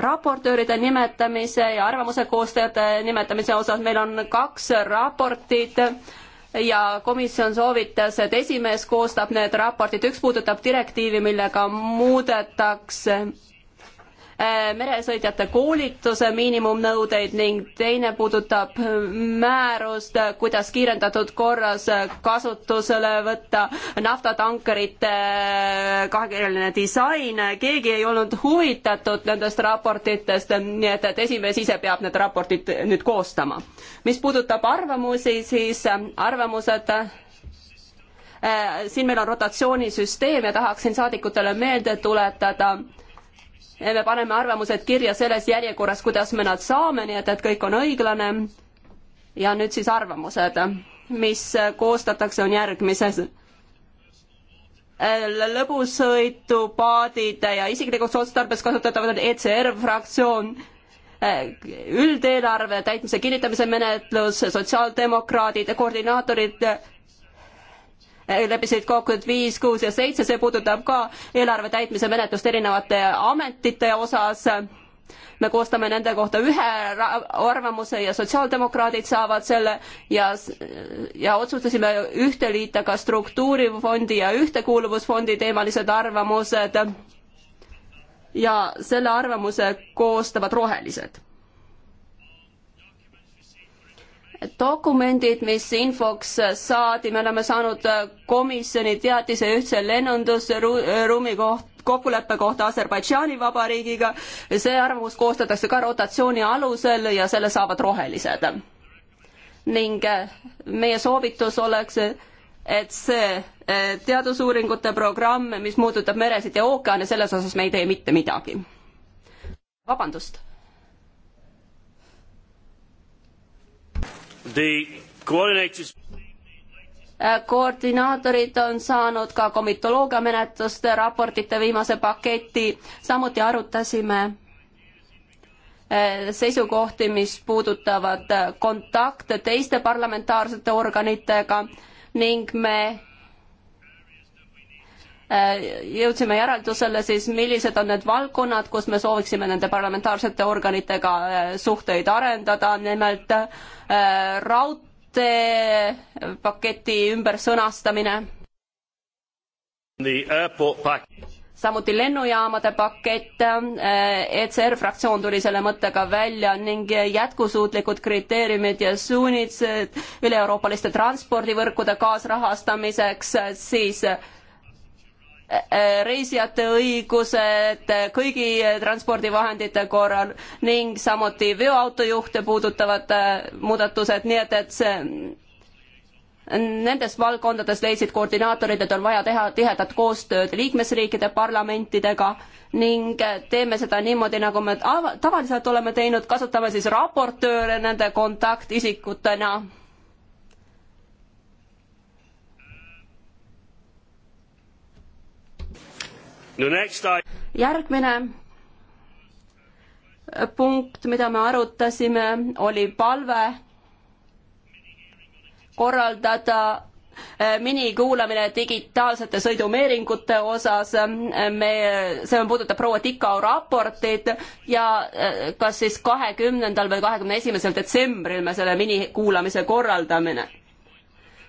raportööride nimetamise ja arvamuse koostajate nimetamise osas meil on kaks raportit ja komisjon soovitas, et esimees koostab need raportid, üks puudutab direktiivi, millega muudetakse Äh, meresõitjate koolituse miinimumnõudeid ning teine puudutab määrust, kuidas kiirendatud korras kasutusele võtta naftatankerite kaheküljeline disain. keegi ei olnud huvitatud nendest raportitest, nii et, et esimees ise peab need raportid nüüd koostama. mis puudutab arvamusi, siis arvamused äh, siin meil on rotatsioonisüsteem ja tahaksin saadikutele meelde tuletada, me paneme arvamused kirja selles järjekorras, kuidas me nad saame, nii et, et kõik on õiglane. ja nüüd siis arvamused, mis koostatakse, on järgmises lõbusõitu, paadid ja isiklikuks otstarbes kasutatavad ECR e fraktsioon, üldeelarve täitmise kinnitamise menetlus, sotsiaaldemokraadid, koordinaatorid Eh, leppisid kokku, et viis, kuus ja seitse, see puudutab ka eelarve täitmise menetlust erinevate ametite osas. me koostame nende kohta ühe arvamuse ja sotsiaaldemokraadid saavad selle ja, ja otsustasime ühte liita ka struktuurifondi ja ühtekuuluvusfondi teemalised arvamused. ja selle arvamuse koostavad rohelised dokumendid, mis infoks saadi, me oleme saanud komisjoni teatise ühtse lennundusruumi kohta, kokkuleppe kohta Aserbaidžaani vabariigiga, see arvamus koostatakse ka rotatsiooni alusel ja selle saavad rohelised. ning eh, meie soovitus oleks, et see eh, teadusuuringute programm, mis puudutab meresid ja ookeane, selles osas me ei tee mitte midagi. vabandust The coordinators äh, koordinaatorid on saanud ka komitoloogiamenetluste raportite viimase paketi, samuti arutasime äh, seisukohti, mis puudutavad äh, kontakte teiste parlamentaarsete organitega ning me Äh, jõudsime järeldusele siis, millised on need valdkonnad, kus me sooviksime nende parlamentaarsete organitega äh, suhteid arendada, nimelt äh, raudteepaketi ümbersõnastamine. samuti lennujaamade pakett, ECR fraktsioon tuli selle mõttega välja ning jätkusuutlikud kriteeriumid ja suunised üle-euroopaliste transpordivõrkude kaasrahastamiseks, siis reisijate õigused kõigi transpordivahendite korral ning samuti veoautojuhte puudutavad äh, muudatused, nii et, et see Nendes valdkondades leidsid koordinaatorid, et on vaja teha tihedat koostööd liikmesriikide parlamentidega ning teeme seda niimoodi, nagu me tavaliselt oleme teinud, kasutame siis raportööre nende kontaktisikutena järgmine punkt, mida me arutasime, oli palve korraldada eh, minikuulamine digitaalsete sõidumeeringute osas, me, see puudutab proua Tikao raportit ja eh, kas siis kahekümnendal või kahekümne esimesel detsembril me selle minikuulamise korraldamine.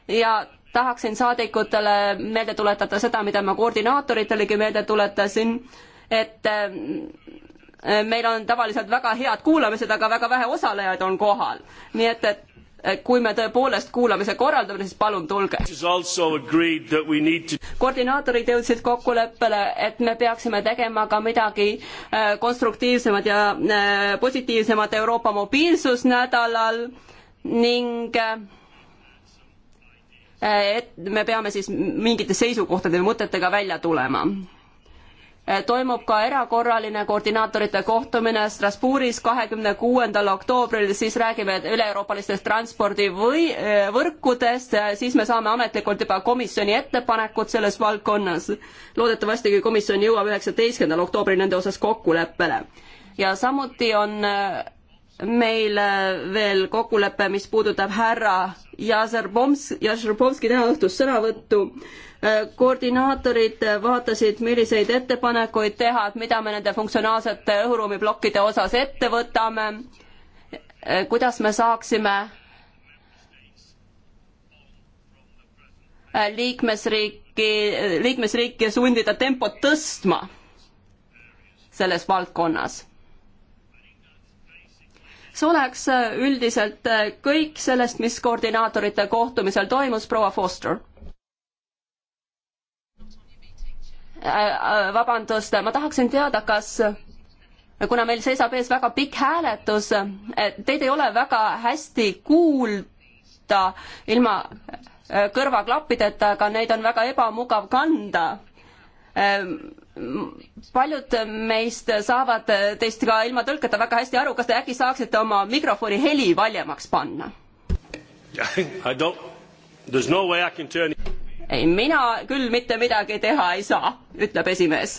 ja tahaksin saadikutele meelde tuletada seda, mida ma koordinaatoritelegi meelde tuletasin, et äh, meil on tavaliselt väga head kuulamised, aga väga vähe osalejaid on kohal. nii et, et kui me tõepoolest kuulamise korraldame, siis palun tulge. koordinaatorid jõudsid kokkuleppele, et me peaksime tegema ka midagi äh, konstruktiivsemat ja äh, positiivsemat Euroopa mobiilsusnädalal ning äh, Eh, et me peame siis mingite seisukohtade või mõtetega välja tulema eh, toimub ka erakorraline koordinaatorite kohtumine Strasbourgis kahekümne kuuendal oktoobril, siis räägime üle-euroopalistest transpordivõi-, eh, võrkudest, siis me saame ametlikult juba komisjoni ettepanekud selles valdkonnas. loodetavasti komisjon jõuab üheksateistkümnendal oktoobril nende osas kokkuleppele. ja samuti on meil äh, veel kokkulepe, mis puudutab härra Jazerbomsk, Jazerbomski tänaõhtust sõnavõttu. Äh, koordinaatorid vaatasid, milliseid ettepanekuid teha, et mida me nende funktsionaalsete õhuruumiblokkide osas ette võtame, äh, kuidas me saaksime liikmesriiki, liikmesriike sundida tempot tõstma selles valdkonnas see oleks äh, üldiselt äh, kõik sellest, mis koordinaatorite kohtumisel toimus, proua Foster. Äh, vabandust, ma tahaksin teada, kas kuna meil seisab ees väga pikk hääletus, teid ei ole väga hästi kuulda ilma kõrvaklappideta, aga neid on väga ebamugav kanda Ehm, paljud meist saavad teist ka ilma tõlketa väga hästi aru, kas te äkki saaksite oma mikrofoni heli valjemaks panna? No turn... ei, mina küll mitte midagi teha ei saa, ütleb esimees.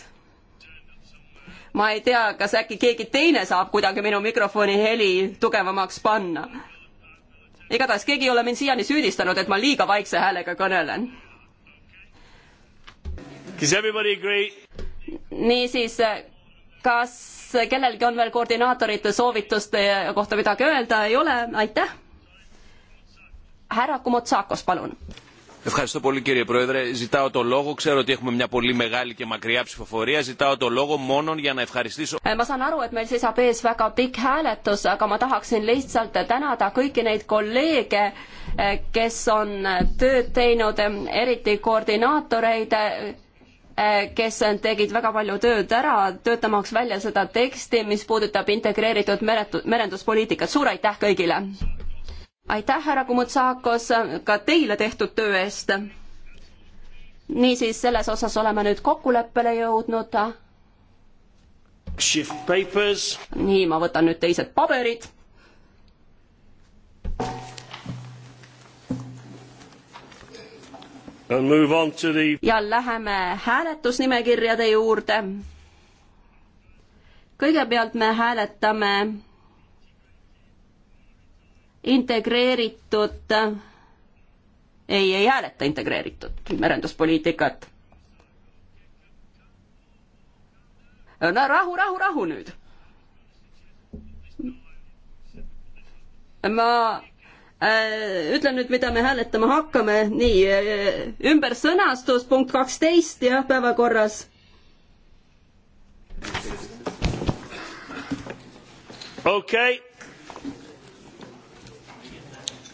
ma ei tea, kas äkki keegi teine saab kuidagi minu mikrofoni heli tugevamaks panna. igatahes keegi ei ole mind siiani süüdistanud, et ma liiga vaikse häälega kõnelen niisiis, kas kellelgi on veel koordinaatorite soovituste kohta midagi öelda, ei ole, aitäh. härra Kumotsakos, palun. Ευχαριστώ πολύ κύριε Πρόεδρε. Ζητάω το λόγο. Ξέρω ότι έχουμε μια πολύ μεγάλη και μακριά ψηφοφορία. Ζητάω το λόγο μόνο για να ευχαριστήσω. Ma saan aru, et meil seisab ees väga pikk hääletus, aga ma tahaksin lihtsalt tänada kõiki neid kolleege, eh, kes on tööd teinud, eh, eriti koordinaatoreid eh, Äh, kes tegid väga palju tööd ära, töötamaks välja seda teksti, mis puudutab integreeritud meretu-, merenduspoliitikat, suur aitäh kõigile! aitäh, härra Kumutsakos, ka teile tehtud töö eest! niisiis, selles osas oleme nüüd kokkuleppele jõudnud. nii, ma võtan nüüd teised paberid The... ja läheme hääletusnimekirjade juurde. kõigepealt me hääletame integreeritud, ei, ei hääleta integreeritud merenduspoliitikat. no rahu, rahu, rahu nüüd. ma Äh, ütlen nüüd, mida me hääletama hakkame, nii, äh, ümbersõnastus punkt kaksteist, jah, päevakorras. okei okay..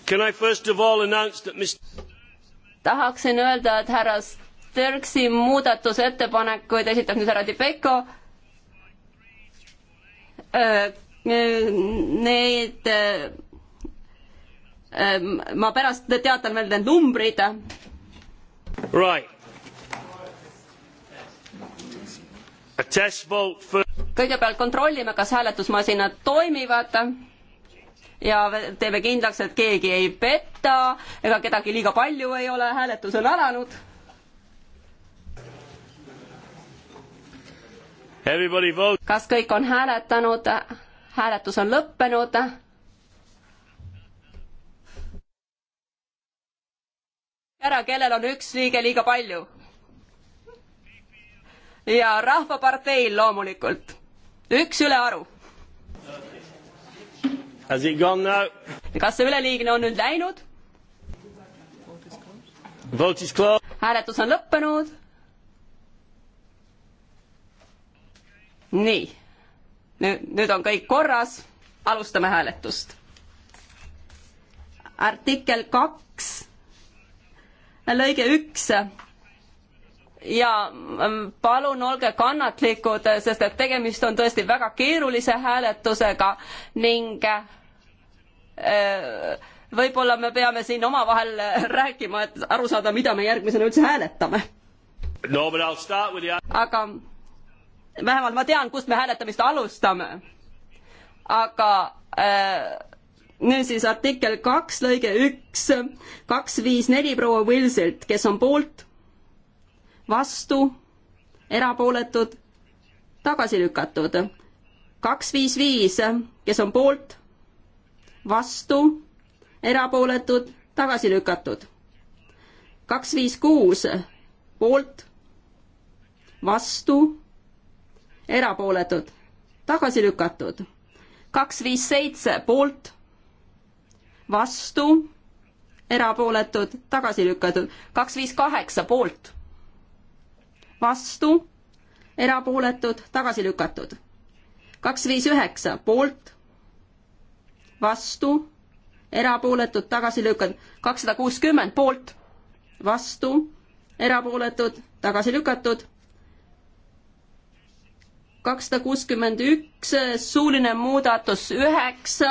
Can I first of all announce that Mr tahaksin öelda, et härra Störksi muudatusettepanekuid esitab nüüd härra Tibeko. Äh, need Ehm, ma pärast teatan veel need numbrid. Right. For... kõigepealt kontrollime, kas hääletusmasinad toimivad ja teeme kindlaks, et keegi ei petta ega kedagi liiga palju ei ole, hääletus on alanud. kas kõik on hääletanud? hääletus on lõppenud ära, kellel on üks liige liiga palju. ja Rahvaparteil loomulikult, üks ülearu. kas see üleliigne on nüüd läinud? hääletus on lõppenud. nii, nüüd, nüüd on kõik korras, alustame hääletust. artikkel kaks lõige üks ja mm, palun olge kannatlikud, sest et tegemist on tõesti väga keerulise hääletusega ning äh, võib-olla me peame siin omavahel äh, rääkima, et aru saada, mida me järgmisena üldse hääletame no,. aga vähemalt ma tean, kust me hääletamist alustame. aga äh, niisiis artikkel kaks lõige üks, kaks viis neli proua Wilsilt, kes on poolt, vastu, erapooletud, tagasi lükatud. kaks viis viis, kes on poolt, vastu, erapooletud, tagasi lükatud. kaks viis kuus, poolt, vastu, erapooletud, tagasi lükatud. kaks viis seitse, poolt vastu, erapooletud, tagasi lükatud, kaks viis kaheksa poolt, vastu, erapooletud, tagasi lükatud, kaks viis üheksa poolt, vastu, erapooletud, tagasi lükatud, kakssada kuuskümmend poolt, vastu, erapooletud, tagasi lükatud kakssada kuuskümmend üks, suuline muudatus üheksa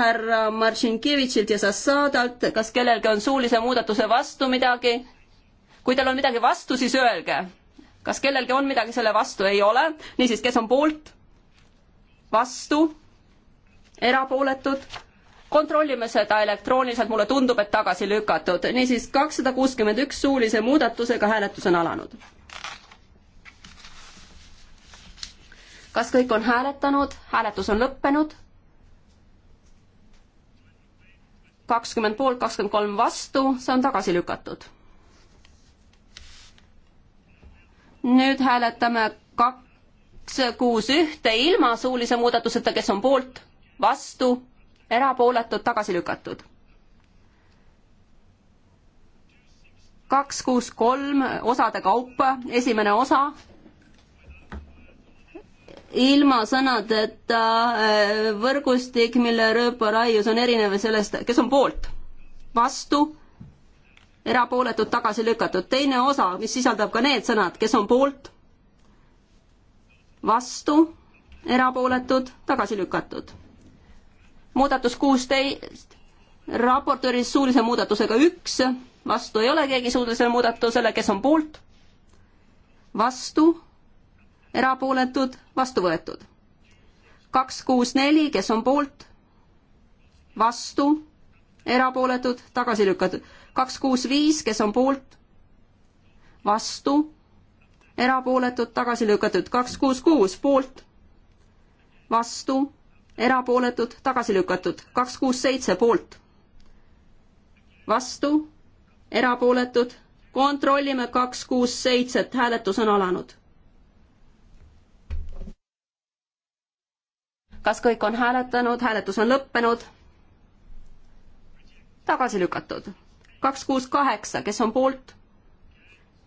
härra Martšinkivitšilt ja Sassadalt, kas kellelgi on suulise muudatuse vastu midagi? kui teil on midagi vastu, siis öelge. kas kellelgi on midagi selle vastu, ei ole, niisiis, kes on poolt? vastu? erapooletud? kontrollime seda elektrooniliselt, mulle tundub, et tagasi lükatud. niisiis, kakssada kuuskümmend üks suulise muudatusega hääletus on alanud kas kõik on hääletanud, hääletus on lõppenud? kakskümmend poolt, kakskümmend kolm vastu, see on tagasi lükatud. nüüd hääletame kaks, kuus, ühte ilma suulise muudatuseta, kes on poolt, vastu, erapooletud, tagasi lükatud kaks, kuus, kolm osade kaupa, esimene osa ilma sõnadeta äh, võrgustik, mille rööparaius on erinev sellest, kes on poolt, vastu, erapooletud, tagasi lükatud. teine osa, mis sisaldab ka need sõnad, kes on poolt, vastu, erapooletud, tagasi lükatud. muudatus kuusteist, raportööri suulise muudatusega üks, vastu ei ole keegi suulisele muudatusele, kes on poolt, vastu erapooletud, vastu võetud. kaks, kuus, neli, kes on poolt, vastu, erapooletud, tagasi lükatud. kaks, kuus, viis, kes on poolt, vastu, erapooletud, tagasi lükatud. kaks, kuus, kuus, poolt, vastu, erapooletud, tagasi lükatud. kaks, kuus, seitse, poolt, vastu, erapooletud, kontrollime kaks, kuus, seitset, hääletus on alanud kas kõik on hääletanud, hääletus on lõppenud? tagasi lükatud. kaks, kuus, kaheksa, kes on poolt?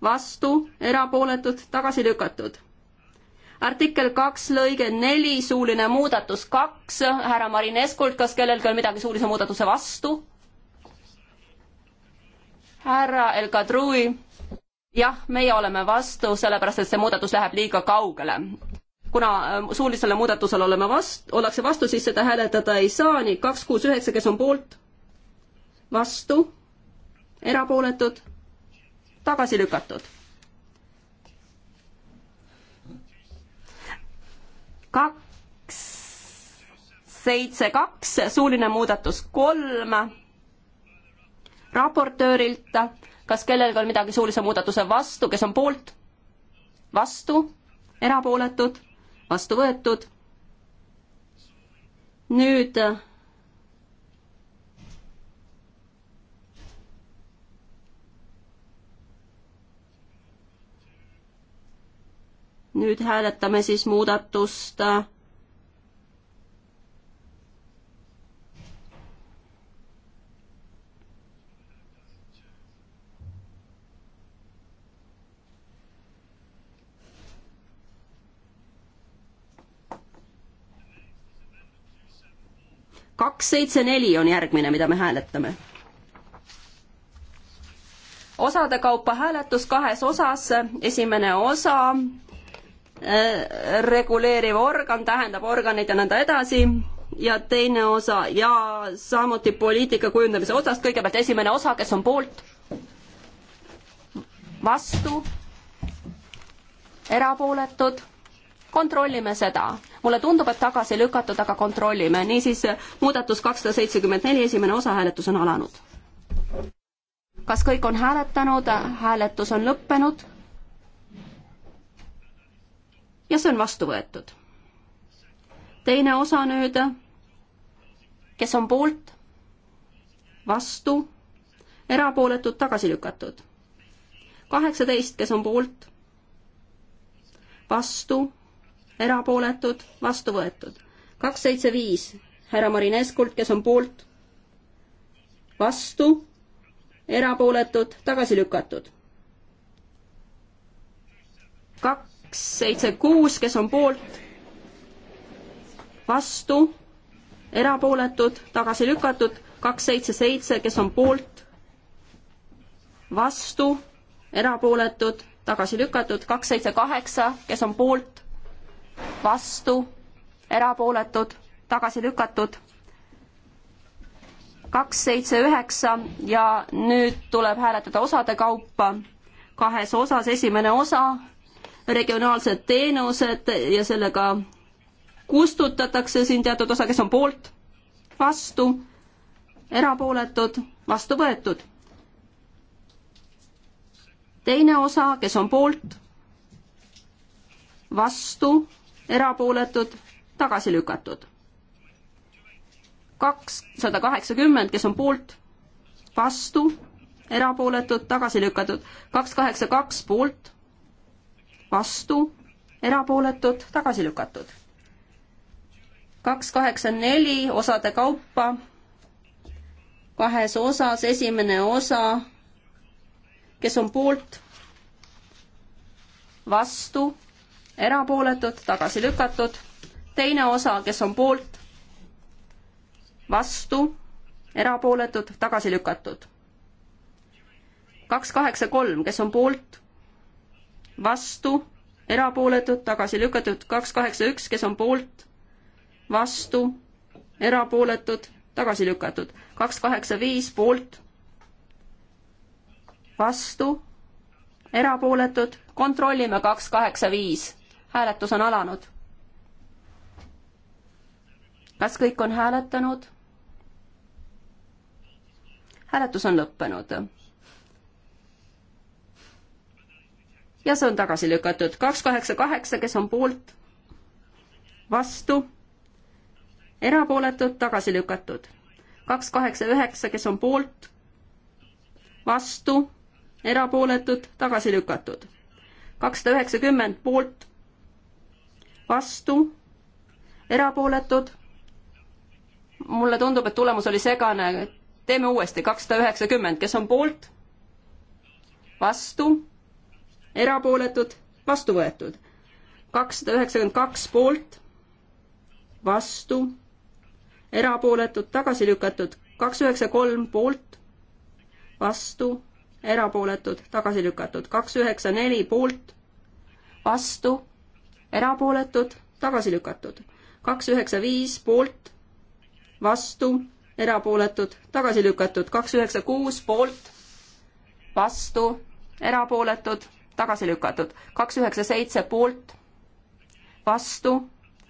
vastu, erapooletud, tagasi lükatud. artikkel kaks, lõige neli, suuline muudatus kaks, härra Marineskult, kas kellelgi on midagi suulise muudatuse vastu? härra El Kadri jah, meie oleme vastu, sellepärast et see muudatus läheb liiga kaugele kuna äh, suulisele muudatusele oleme vastu, ollakse vastu, siis seda hääletada ei saa, nii kaks, kuus, üheksa, kes on poolt, vastu, erapooletud, tagasi lükatud. kaks, seitse, kaks, suuline muudatus kolm, raportöörilt, kas kellelgi on midagi suulise muudatuse vastu, kes on poolt, vastu erapooletud, vastu võetud. nüüd nüüd hääletame siis muudatust kaks, seitse, neli on järgmine, mida me hääletame. osade kaupa hääletus kahes osas, esimene osa äh, reguleeriv organ tähendab organit ja nõnda edasi ja teine osa ja samuti poliitika kujundamise osast, kõigepealt esimene osa, kes on poolt, vastu, erapooletud, kontrollime seda mulle tundub, et tagasi lükatud, aga kontrollime. niisiis, muudatus kakssada seitsekümmend neli, esimene osahääletus on alanud. kas kõik on hääletanud, hääletus on lõppenud? ja see on vastu võetud. teine osa nüüd, kes on poolt, vastu, erapooletud, tagasi lükatud. kaheksateist, kes on poolt, vastu erapooletud, vastu võetud. kaks, seitse, viis härra Marineskult, kes on poolt, vastu, erapooletud, tagasi lükatud. kaks, seitse, kuus, kes on poolt, vastu, erapooletud, tagasi lükatud, kaks, seitse, seitse, kes on poolt, vastu, erapooletud, tagasi lükatud, kaks, seitse, kaheksa, kes on poolt vastu, erapooletud, tagasi lükatud. kaks, seitse, üheksa ja nüüd tuleb hääletada osade kaupa. kahes osas, esimene osa, regionaalsed teenused ja sellega kustutatakse siin teatud osa, kes on poolt, vastu, erapooletud, vastu võetud. teine osa, kes on poolt, vastu erapooletud, tagasi lükatud. kakssada kaheksakümmend, kes on poolt, vastu, erapooletud, tagasi lükatud, kaks kaheksa kaks poolt, vastu, erapooletud, tagasi lükatud. kaks kaheksa neli osade kaupa, kahes osas, esimene osa, kes on poolt, vastu erapooletud, tagasi lükatud, teine osa, kes on poolt, vastu, erapooletud, tagasi lükatud. kaks kaheksa kolm, kes on poolt, vastu, erapooletud, tagasi lükatud, kaks kaheksa üks, kes on poolt, vastu, erapooletud, tagasi lükatud, kaks kaheksa viis poolt, vastu, erapooletud, kontrollime kaks kaheksa viis hääletus on alanud. kas kõik on hääletanud? hääletus on lõppenud. ja see on tagasi lükatud. kaks kaheksa kaheksa, kes on poolt, vastu, erapooletud, tagasi lükatud. kaks kaheksa üheksa, kes on poolt, vastu, erapooletud, tagasi lükatud. kakssada üheksakümmend poolt, vastu, erapooletud. mulle tundub, et tulemus oli segane. teeme uuesti, kakssada üheksakümmend, kes on poolt, vastu, erapooletud, vastu võetud. kakssada üheksakümmend kaks poolt, vastu, erapooletud, tagasi lükatud, kaks üheksa kolm poolt, vastu, erapooletud, tagasi lükatud, kaks üheksa neli poolt, vastu erapooletud, tagasi lükatud. kaks üheksa viis poolt, vastu, erapooletud, tagasi lükatud. kaks üheksa kuus poolt, vastu, erapooletud, tagasi lükatud. kaks üheksa seitse poolt, vastu,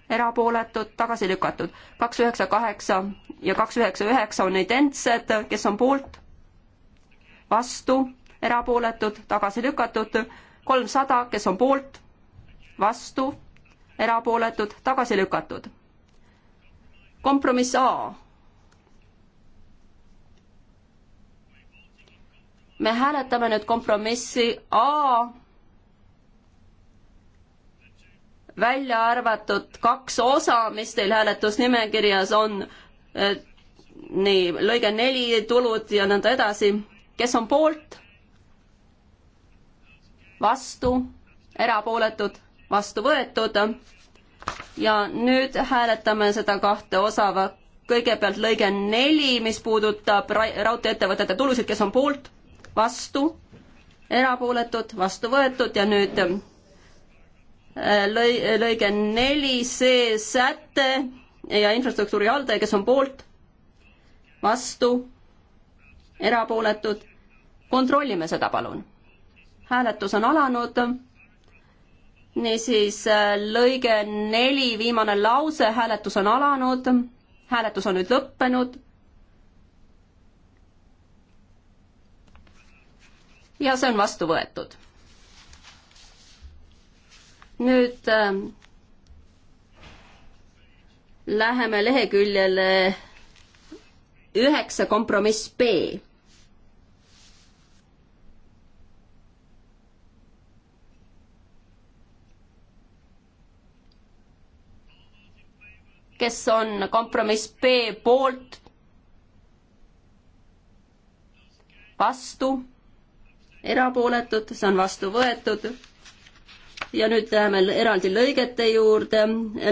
erapooletud, tagasi lükatud. kaks üheksa kaheksa ja kaks üheksa üheksa on identsed, kes on poolt, vastu, erapooletud, tagasi lükatud. kolmsada, kes on poolt vastu, erapooletud, tagasi lükatud. kompromiss A. me hääletame nüüd kompromissi A välja arvatud kaks osa, mis teil hääletusnimekirjas on, nii, lõige neli, tulud ja nõnda edasi, kes on poolt, vastu, erapooletud, vastu võetud. ja nüüd hääletame seda kahte osa, kõigepealt lõige neli, mis puudutab raudteeettevõtete tulusid, kes on poolt, vastu, erapooletud, vastu võetud ja nüüd äh, lõi-, lõige neli, see säte ja infrastruktuuri haldaja, kes on poolt, vastu, erapooletud, kontrollime seda, palun. hääletus on alanud niisiis äh, lõige neli, viimane lause, hääletus on alanud, hääletus on nüüd lõppenud. ja see on vastu võetud. nüüd äh, läheme leheküljele üheksa kompromiss B kes on kompromiss B poolt, vastu, erapooletud, see on vastu võetud. ja nüüd läheme eraldi lõigete juurde,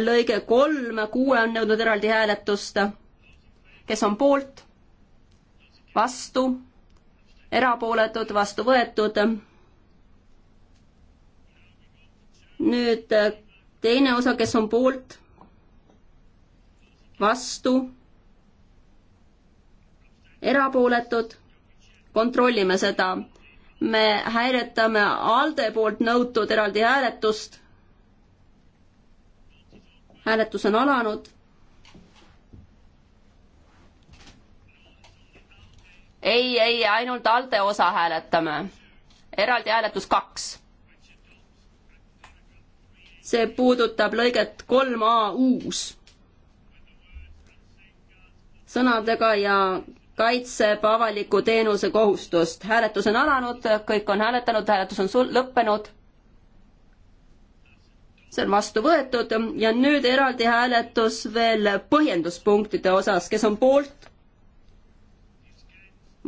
lõige kolm, kuue on nõudnud eraldi hääletust. kes on poolt, vastu, erapooletud, vastu võetud. nüüd teine osa, kes on poolt vastu, erapooletud, kontrollime seda. me hääletame ALDE poolt nõutud eraldi hääletust. hääletus on alanud. ei, ei, ainult ALDE osa hääletame. eraldi hääletus kaks see puudutab lõiget kolm A uus sõnadega ja kaitseb avaliku teenuse kohustust. hääletus on alanud, kõik on hääletanud, hääletus on sul-, lõppenud. see on vastu võetud ja nüüd eraldi hääletus veel põhjenduspunktide osas, kes on poolt,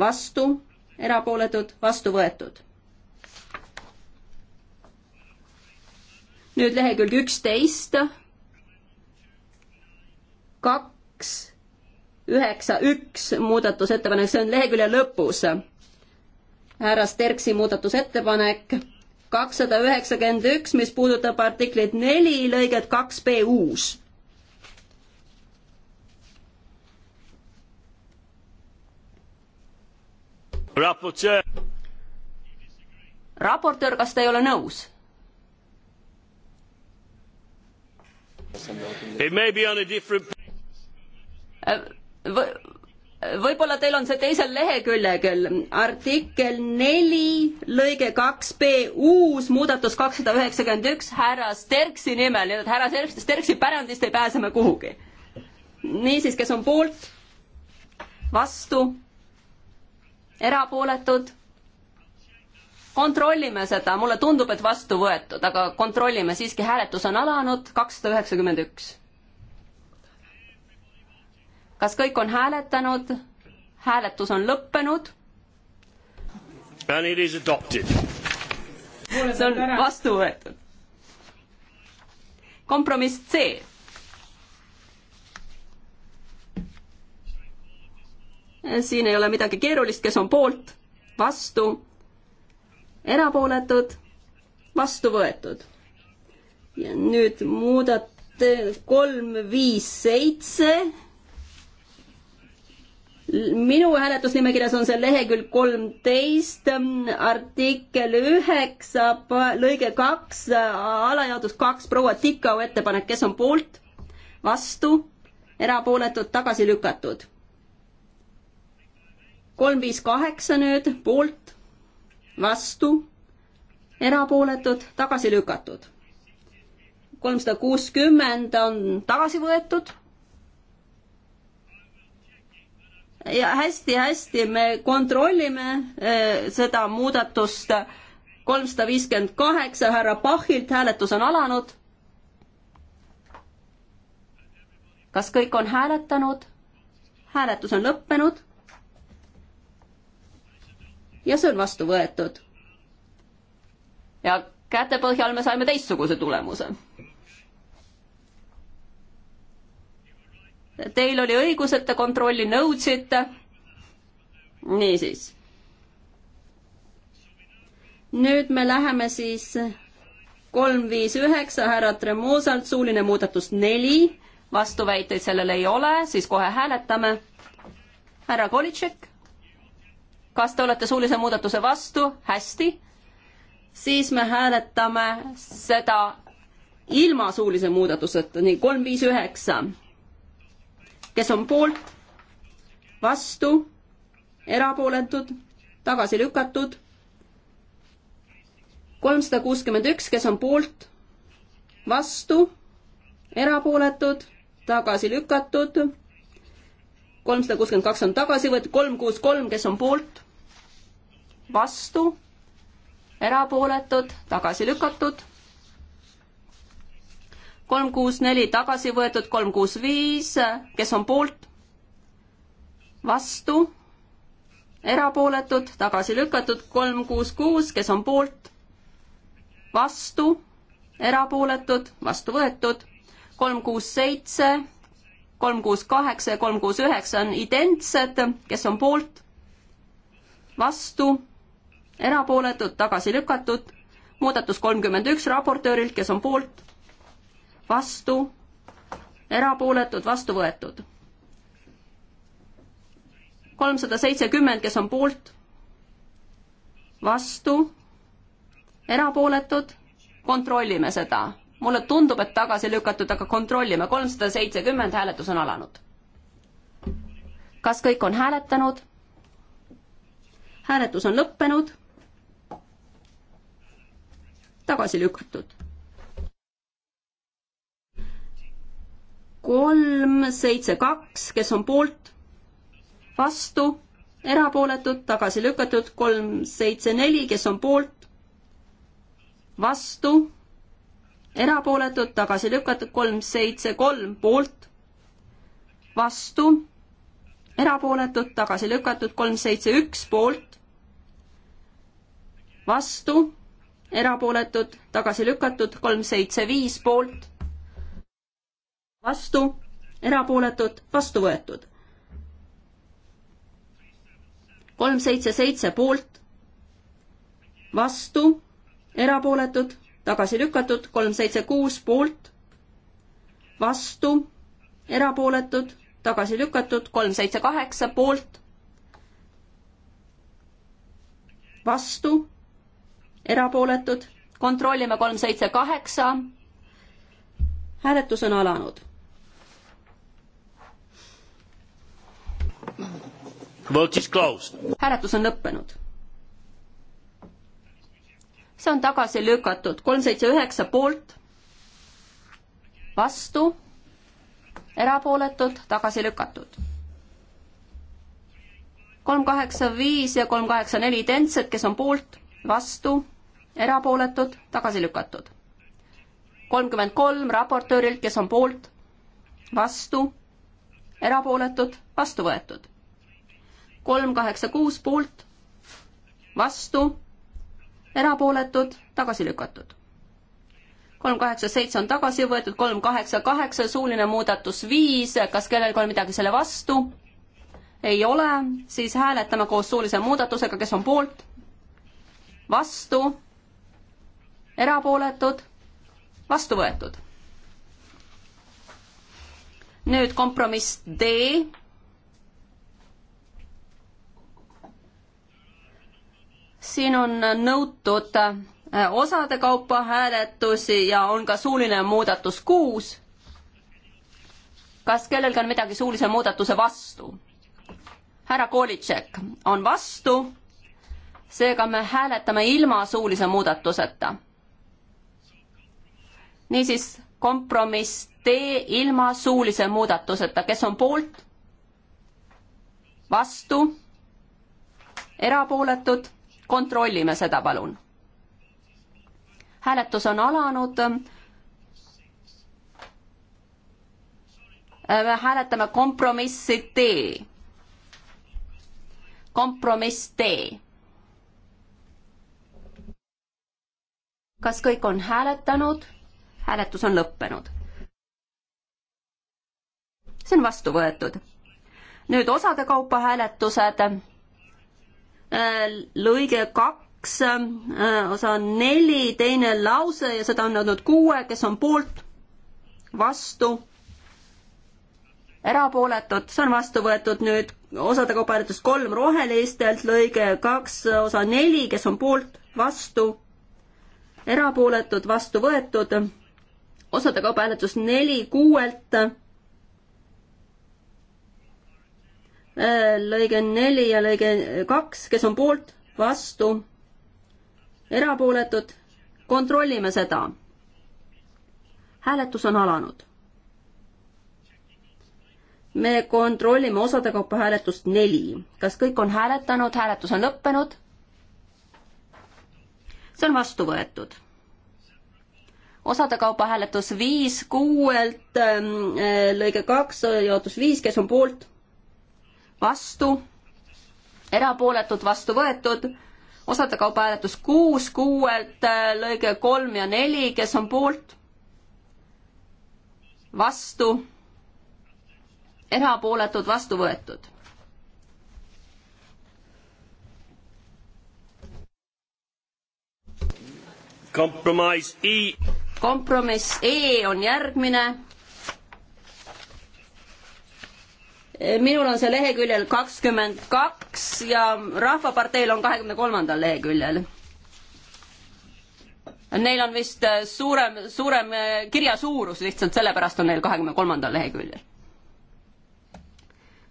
vastu, erapooletud, vastu võetud. nüüd lehekülg üksteist, kaks üheksa üks muudatusettepanek, see on lehekülje lõpus. härra Sterksi muudatusettepanek kakssada üheksakümmend üks, mis puudutab artiklit neli lõiget kaks B uus. raportöör. raportöör, kas te ei ole nõus? It may be on a different äh, võib-olla teil on see teisel leheküljel, artikkel neli, lõige kaks B, uus muudatus kakssada üheksakümmend üks härra Sterksi nimel, nii et härra Sterksi pärandist ei pääse me kuhugi. niisiis, kes on poolt, vastu, erapooletud, kontrollime seda, mulle tundub, et vastu võetud, aga kontrollime siiski, hääletus on alanud, kakssada üheksakümmend üks kas kõik on hääletanud? hääletus on lõppenud. see on vastu võetud. kompromiss C. siin ei ole midagi keerulist, kes on poolt, vastu, erapooletud, vastu võetud. ja nüüd muudate kolm, viis, seitse minu hääletusnimekirjas on see lehekülg kolmteist, ähm, artikkel üheksa, lõige kaks, äh, alajaotus kaks, proua Tikau ettepanek, kes on poolt, vastu, erapooletud, tagasi lükatud. kolm, viis, kaheksa nüüd, poolt, vastu, erapooletud, tagasi lükatud. kolmsada kuuskümmend on tagasi võetud ja hästi-hästi me kontrollime eh, seda muudatust kolmsada viiskümmend kaheksa härra Pachilt, hääletus on alanud. kas kõik on hääletanud? hääletus on lõppenud. ja see on vastu võetud. ja käte põhjal me saime teistsuguse tulemuse Teil oli õigus, et te kontrolli nõudsite. niisiis. nüüd me läheme siis kolm, viis, üheksa, härra Tremosalt, suuline muudatus neli, vastuväiteid sellele ei ole, siis kohe hääletame. härra Kolitšek, kas te olete suulise muudatuse vastu? hästi. siis me hääletame seda ilma suulise muudatuseta, nii kolm, viis, üheksa kes on poolt, vastu, erapooletud, tagasi lükatud. kolmsada kuuskümmend üks, kes on poolt, vastu, erapooletud, tagasi lükatud. kolmsada kuuskümmend kaks on tagasi võetud, kolm kuus kolm, kes on poolt, vastu, erapooletud, tagasi lükatud kolm, kuus, neli tagasi võetud, kolm, kuus, viis, kes on poolt? vastu? erapooletud, tagasi lükatud, kolm, kuus, kuus, kes on poolt? vastu? erapooletud, vastu võetud, kolm, kuus, seitse, kolm, kuus, kaheksa ja kolm, kuus, üheksa on identsed, kes on poolt? vastu? erapooletud, tagasi lükatud, muudatus kolmkümmend üks raportöörilt, kes on poolt? vastu, erapooletud, vastu võetud. kolmsada seitsekümmend, kes on poolt, vastu, erapooletud, kontrollime seda. mulle tundub, et tagasi lükatud, aga kontrollime, kolmsada seitsekümmend, hääletus on alanud. kas kõik on hääletanud? hääletus on lõppenud tagasi lükatud. kolm, seitse, kaks, kes on poolt, vastu, erapooletud, tagasi lükatud, kolm, seitse, neli, kes on poolt, vastu, erapooletud, tagasi lükatud, kolm, seitse, kolm, poolt, vastu, erapooletud, tagasi lükatud, kolm, seitse, üks, poolt, vastu, erapooletud, tagasi lükatud, kolm, seitse, viis, poolt vastu, erapooletud, vastu võetud. kolm, seitse, seitse poolt, vastu, erapooletud, tagasi lükatud, kolm, seitse, kuus poolt, vastu, erapooletud, tagasi lükatud, kolm, seitse, kaheksa poolt, vastu, erapooletud, kontrollime kolm, seitse, kaheksa, hääletus on alanud hääletus on lõppenud. see on tagasi lükatud, kolm seitse üheksa poolt, vastu, erapooletud, tagasi lükatud. kolm kaheksa viis ja kolm kaheksa neli identsed, kes on poolt, vastu, erapooletud, tagasi lükatud. kolmkümmend kolm raportöörilt, kes on poolt, vastu, erapooletud, vastu võetud kolm kaheksa kuus poolt, vastu, erapooletud, tagasi lükatud. kolm kaheksa seitse on tagasi võetud, kolm kaheksa kaheksa, suuline muudatus viis, kas kellelgi on midagi selle vastu? ei ole, siis hääletame koos suulise muudatusega, kes on poolt, vastu, erapooletud, vastu võetud. nüüd kompromiss D siin on nõutud äh, osade kaupa hääletusi ja on ka suuline muudatus kuus. kas kellelgi on midagi suulise muudatuse vastu? härra Kolitšek on vastu, seega me hääletame ilma suulise muudatuseta. niisiis, kompromiss D ilma suulise muudatuseta, kes on poolt? vastu? erapooletud? kontrollime seda, palun. hääletus on alanud. me äh, hääletame kompromissi D. kompromiss D. kas kõik on hääletanud? hääletus on lõppenud. see on vastu võetud. nüüd osade kaupa hääletused Äh, lõige kaks, äh, osa neli, teine lause ja seda on andnud kuue, kes on poolt, vastu, erapooletud, see on vastu võetud nüüd osade kaupa hääletus kolm rohelistelt, lõige kaks, osa neli, kes on poolt, vastu, erapooletud, vastu võetud, osade kaupa hääletus neli kuuelt Äh, lõige neli ja lõige kaks, kes on poolt, vastu, erapooletud, kontrollime seda. hääletus on alanud. me kontrollime osade kaupa hääletust neli. kas kõik on hääletanud, hääletus on lõppenud? see on vastu võetud osade kaupa hääletus viis, kuuelt ähm, äh, lõige kaks, jaotus viis, kes on poolt, vastu, erapooletud, vastu võetud, osade kaupa hääletus kuus, kuuelt äh, lõige kolm ja neli, kes on poolt, vastu, erapooletud, vastu võetud. kompromiss E, e on järgmine minul on see leheküljel kakskümmend kaks ja Rahvaparteil on kahekümne kolmandal leheküljel. Neil on vist suurem, suurem eh, kirja suurus, lihtsalt sellepärast on neil kahekümne kolmandal leheküljel.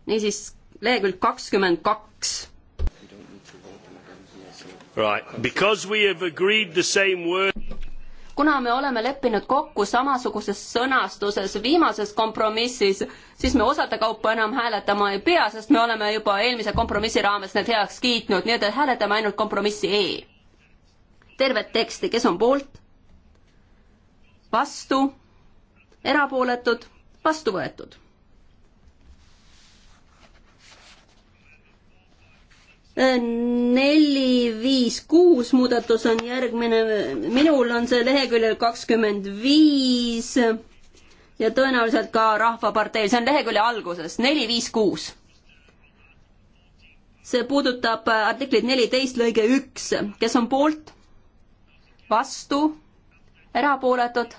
niisiis, lehekülg kakskümmend kaks. Right, because we have agreed the same word kuna me oleme leppinud kokku samasuguses sõnastuses viimases kompromissis, siis me osade kaupa enam hääletama ei pea, sest me oleme juba eelmise kompromissi raames need heaks kiitnud, nii et hääletame ainult kompromissi E. tervet teksti, kes on poolt? vastu? erapooletud? vastu võetud neli, viis, kuus muudatus on järgmine, minul on see leheküljel kakskümmend viis ja tõenäoliselt ka Rahvaparteil, see on lehekülje alguses, neli, viis, kuus. see puudutab artiklit neliteist lõige üks, kes on poolt, vastu, erapooletud,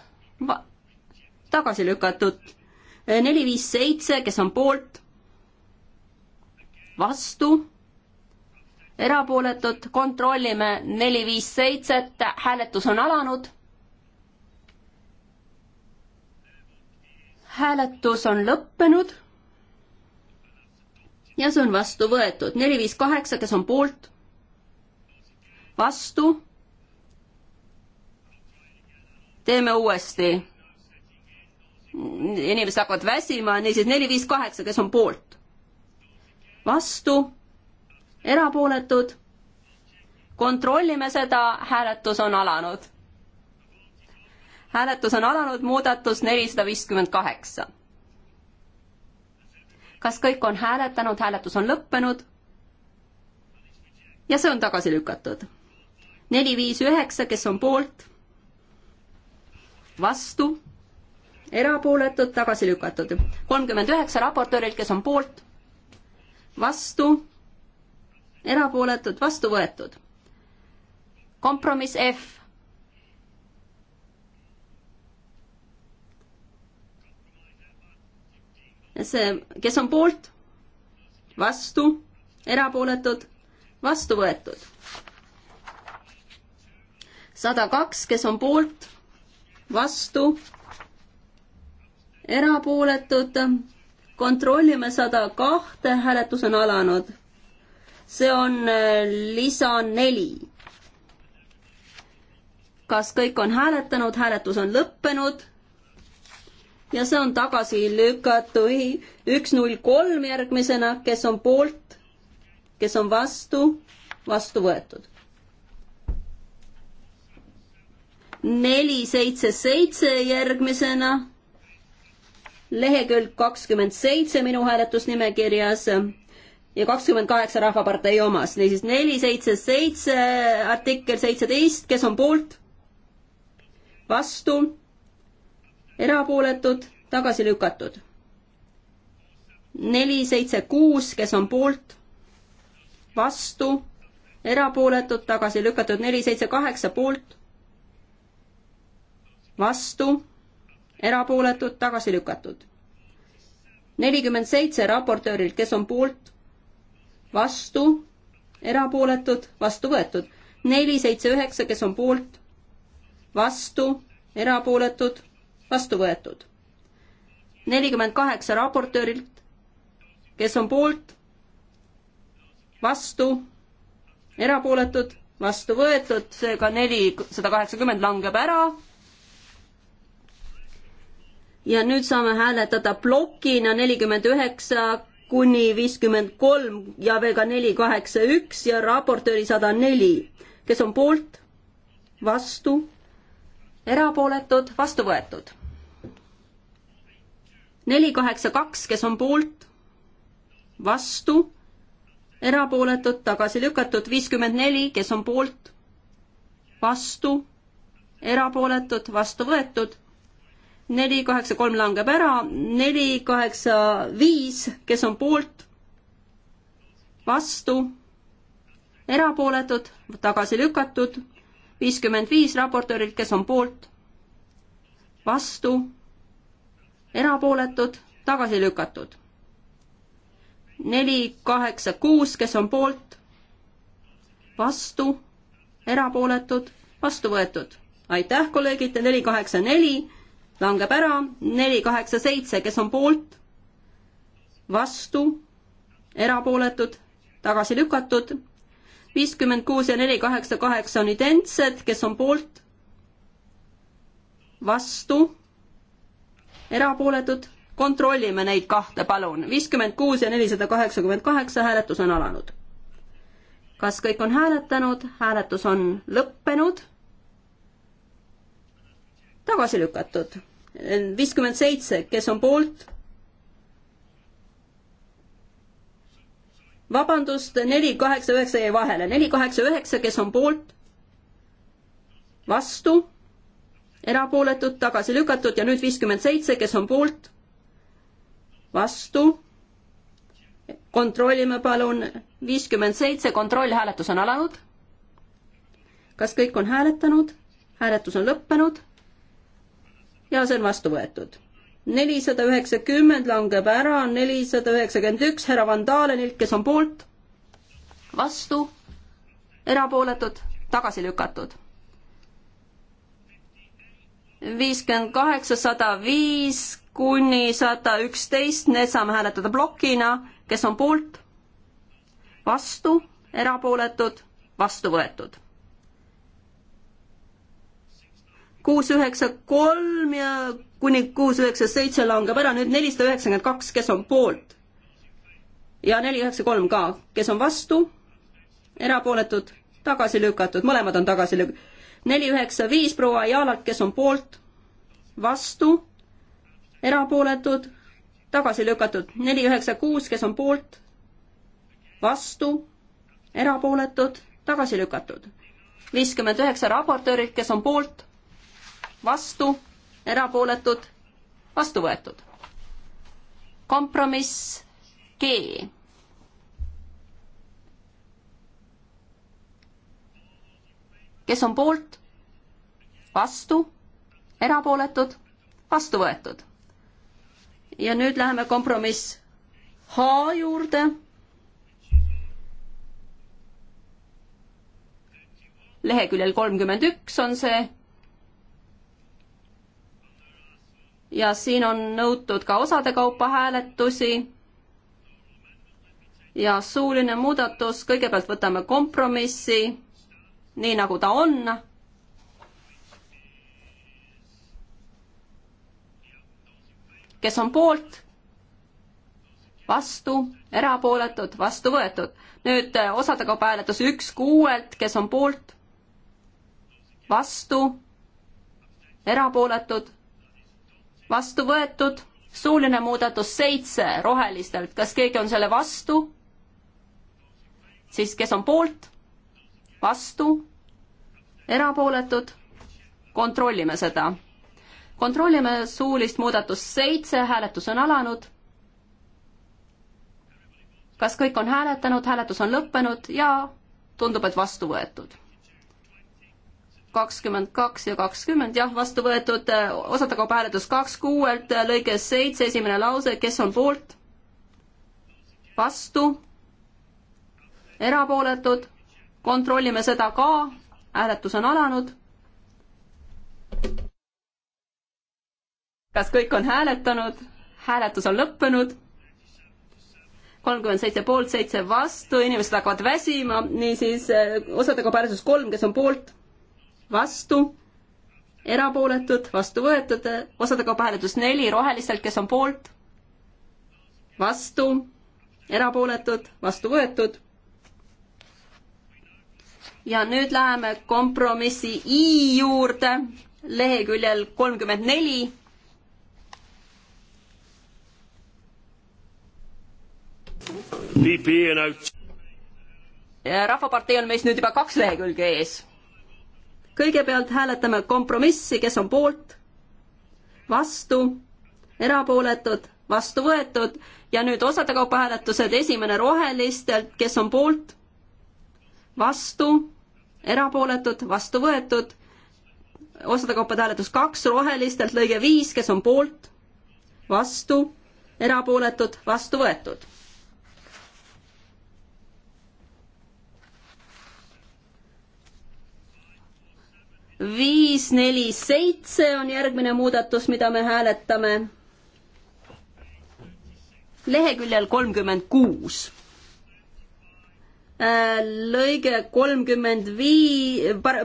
tagasi lükatud, neli, viis, seitse, kes on poolt, vastu erapooletud, kontrollime neli, viis, seitset, hääletus on alanud. hääletus on lõppenud. ja see on vastu võetud, neli, viis, kaheksa, kes on poolt? vastu. teeme uuesti. inimesed hakkavad väsima, niisiis neli, viis, kaheksa, kes on poolt? vastu erapooletud. kontrollime seda, hääletus on alanud. hääletus on alanud, muudatus nelisada viiskümmend kaheksa. kas kõik on hääletanud, hääletus on lõppenud? ja see on tagasi lükatud. neli, viis, üheksa, kes on poolt? vastu? erapooletud, tagasi lükatud. kolmkümmend üheksa raportöörilt, kes on poolt? vastu? erapooletud, vastu võetud. kompromiss F. see, kes on poolt, vastu, erapooletud, vastu võetud. sada kaks, kes on poolt, vastu, erapooletud, kontrollime sada kahte, hääletus on alanud see on äh, lisa neli. kas kõik on hääletanud, hääletus on lõppenud ja see on tagasi lükatud üks null kolm järgmisena, kes on poolt, kes on vastu, vastu võetud. neli seitse seitse järgmisena, lehekülg kakskümmend seitse minu hääletusnimekirjas ja kakskümmend kaheksa Rahvapartei omast, niisiis neli, seitse, seitse, artikkel seitseteist, kes on poolt? vastu? erapooletud? tagasi lükatud? neli, seitse, kuus, kes on poolt? vastu? erapooletud, tagasi lükatud, neli, seitse, kaheksa poolt? vastu? erapooletud, tagasi lükatud. nelikümmend seitse raportöörilt, kes on poolt? vastu, erapooletud, vastu võetud. neli, seitse, üheksa, kes on poolt, vastu, erapooletud, vastu võetud. nelikümmend kaheksa raportöörilt, kes on poolt, vastu, erapooletud, vastu võetud, seega neli, sada kaheksakümmend langeb ära ja nüüd saame hääletada plokina nelikümmend üheksa kuni viiskümmend kolm ja veel ka neli kaheksa üks ja raportööri sada neli, kes on poolt, vastu, erapooletud, vastu võetud. neli kaheksa kaks, kes on poolt, vastu, erapooletud, tagasi lükatud, viiskümmend neli, kes on poolt, vastu, erapooletud, vastu võetud neli, kaheksa, kolm langeb ära, neli, kaheksa, viis, kes on poolt, vastu, erapooletud, tagasi lükatud, viiskümmend viis raportöörilt, kes on poolt, vastu, erapooletud, tagasi lükatud. neli, kaheksa, kuus, kes on poolt, vastu, erapooletud, vastu võetud. aitäh, kolleegid, neli, kaheksa, neli langeb ära, neli, kaheksa, seitse, kes on poolt, vastu, erapooletud, tagasi lükatud, viiskümmend kuus ja neli, kaheksa, kaheksa on identsed, kes on poolt, vastu, erapooletud, kontrollime neid kahte, palun. viiskümmend kuus ja nelisada kaheksakümmend kaheksa, hääletus on alanud. kas kõik on hääletanud, hääletus on lõppenud tagasi lükatud. viiskümmend seitse, kes on poolt? vabandust, neli, kaheksa, üheksa jäi vahele, neli, kaheksa, üheksa, kes on poolt? vastu, erapooletud, tagasi lükatud ja nüüd viiskümmend seitse, kes on poolt? vastu, kontrollime palun, viiskümmend seitse, kontrollhääletus on alanud. kas kõik on hääletanud? hääletus on lõppenud ja see on vastu võetud. nelisada üheksakümmend langeb ära, nelisada üheksakümmend üks härra Van Dalenilt, kes on poolt, vastu, erapooletud, tagasi lükatud. viiskümmend kaheksa, sada viis kuni sada üksteist, need saame hääletada plokina, kes on poolt, vastu, erapooletud, vastu võetud kuus, üheksa, kolm ja kuni kuus, üheksa, seitse langeb ära, nüüd nelisada üheksakümmend kaks, kes on poolt. ja neli, üheksa, kolm ka, kes on vastu, erapooletud, tagasi lükatud, mõlemad on tagasi lük-. neli, üheksa, viis proua Jaalalt, kes on poolt, vastu, erapooletud, tagasi lükatud, neli, üheksa, kuus, kes on poolt, vastu, erapooletud, tagasi lükatud. viiskümmend üheksa raportöörid, kes on poolt, vastu, erapooletud, vastu võetud. kompromiss G. kes on poolt, vastu, erapooletud, vastu võetud. ja nüüd läheme kompromiss H juurde leheküljel kolmkümmend üks on see ja siin on nõutud ka osade kaupa hääletusi ja suuline muudatus, kõigepealt võtame kompromissi, nii nagu ta on. kes on poolt? vastu, erapooletud, vastu võetud. nüüd eh, osade kaupa hääletus üks kuuelt, kes on poolt? vastu, erapooletud, vastu võetud, suuline muudatus seitse rohelistelt, kas keegi on selle vastu? siis kes on poolt, vastu, erapooletud, kontrollime seda. kontrollime suulist muudatust seitse, hääletus on alanud. kas kõik on hääletanud, hääletus on lõppenud ja tundub, et vastu võetud kakskümmend kaks ja kakskümmend, jah, vastu võetud, osade kaupa hääletus kaks kuuelt, lõige seitse, esimene lause, kes on poolt? vastu? erapooletud? kontrollime seda ka, hääletus on alanud. kas kõik on hääletanud? hääletus on lõppenud. kolmkümmend seitse poolt, seitse vastu, inimesed hakkavad väsima, niisiis osade kaupa hääletus kolm, kes on poolt? vastu, erapooletud, vastu võetud, osade kaupa hääletus neli rohelistelt, kes on poolt, vastu, erapooletud, vastu võetud. ja nüüd läheme kompromissi I juurde, leheküljel kolmkümmend neli rahvapartei on meist nüüd juba kaks lehekülge ees kõigepealt hääletame kompromissi, kes on poolt, vastu, erapooletud, vastu võetud ja nüüd osade kaupa hääletused, esimene rohelistelt, kes on poolt, vastu, erapooletud, vastu võetud, osade kaupa hääletus kaks, rohelistelt lõige viis, kes on poolt, vastu, erapooletud, vastu võetud viis, neli, seitse on järgmine muudatus, mida me hääletame. leheküljel kolmkümmend kuus. Äh, lõige kolmkümmend viis,